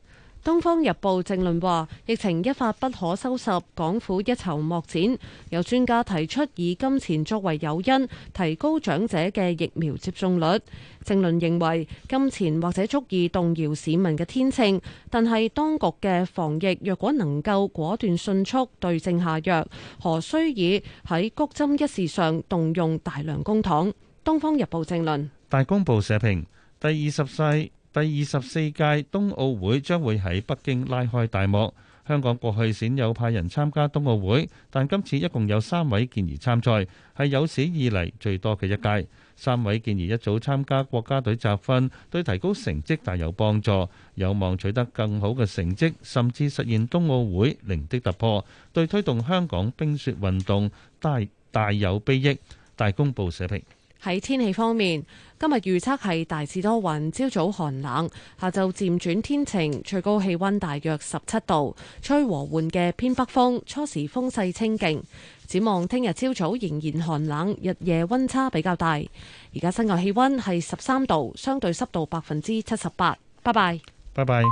《東方日報》正論話：疫情一發不可收拾，港府一籌莫展。有專家提出以金錢作為誘因，提高長者嘅疫苗接種率。正論認為金錢或者足以動搖市民嘅天性，但係當局嘅防疫若果能夠果斷迅速對症下藥，何須以喺谷針一事上動用大量公帑？《東方日報》正論。大公報社評第二十世。」第二十四屆冬奧會將會喺北京拉開大幕。香港過去鮮有派人參加冬奧會，但今次一共有三位健兒參賽，係有史以嚟最多嘅一屆。三位健兒一早參加國家隊集訓，對提高成績大有幫助，有望取得更好嘅成績，甚至實現冬奧會零的突破，對推動香港冰雪運動大大有裨益。大公報社評。喺天氣方面，今日預測係大致多雲，朝早寒冷，下晝漸轉天晴，最高氣溫大約十七度，吹和緩嘅偏北風，初時風勢清勁。展望聽日朝早仍然寒冷，日夜溫差比較大。而家室外氣溫係十三度，相對濕度百分之七十八。拜拜。拜拜。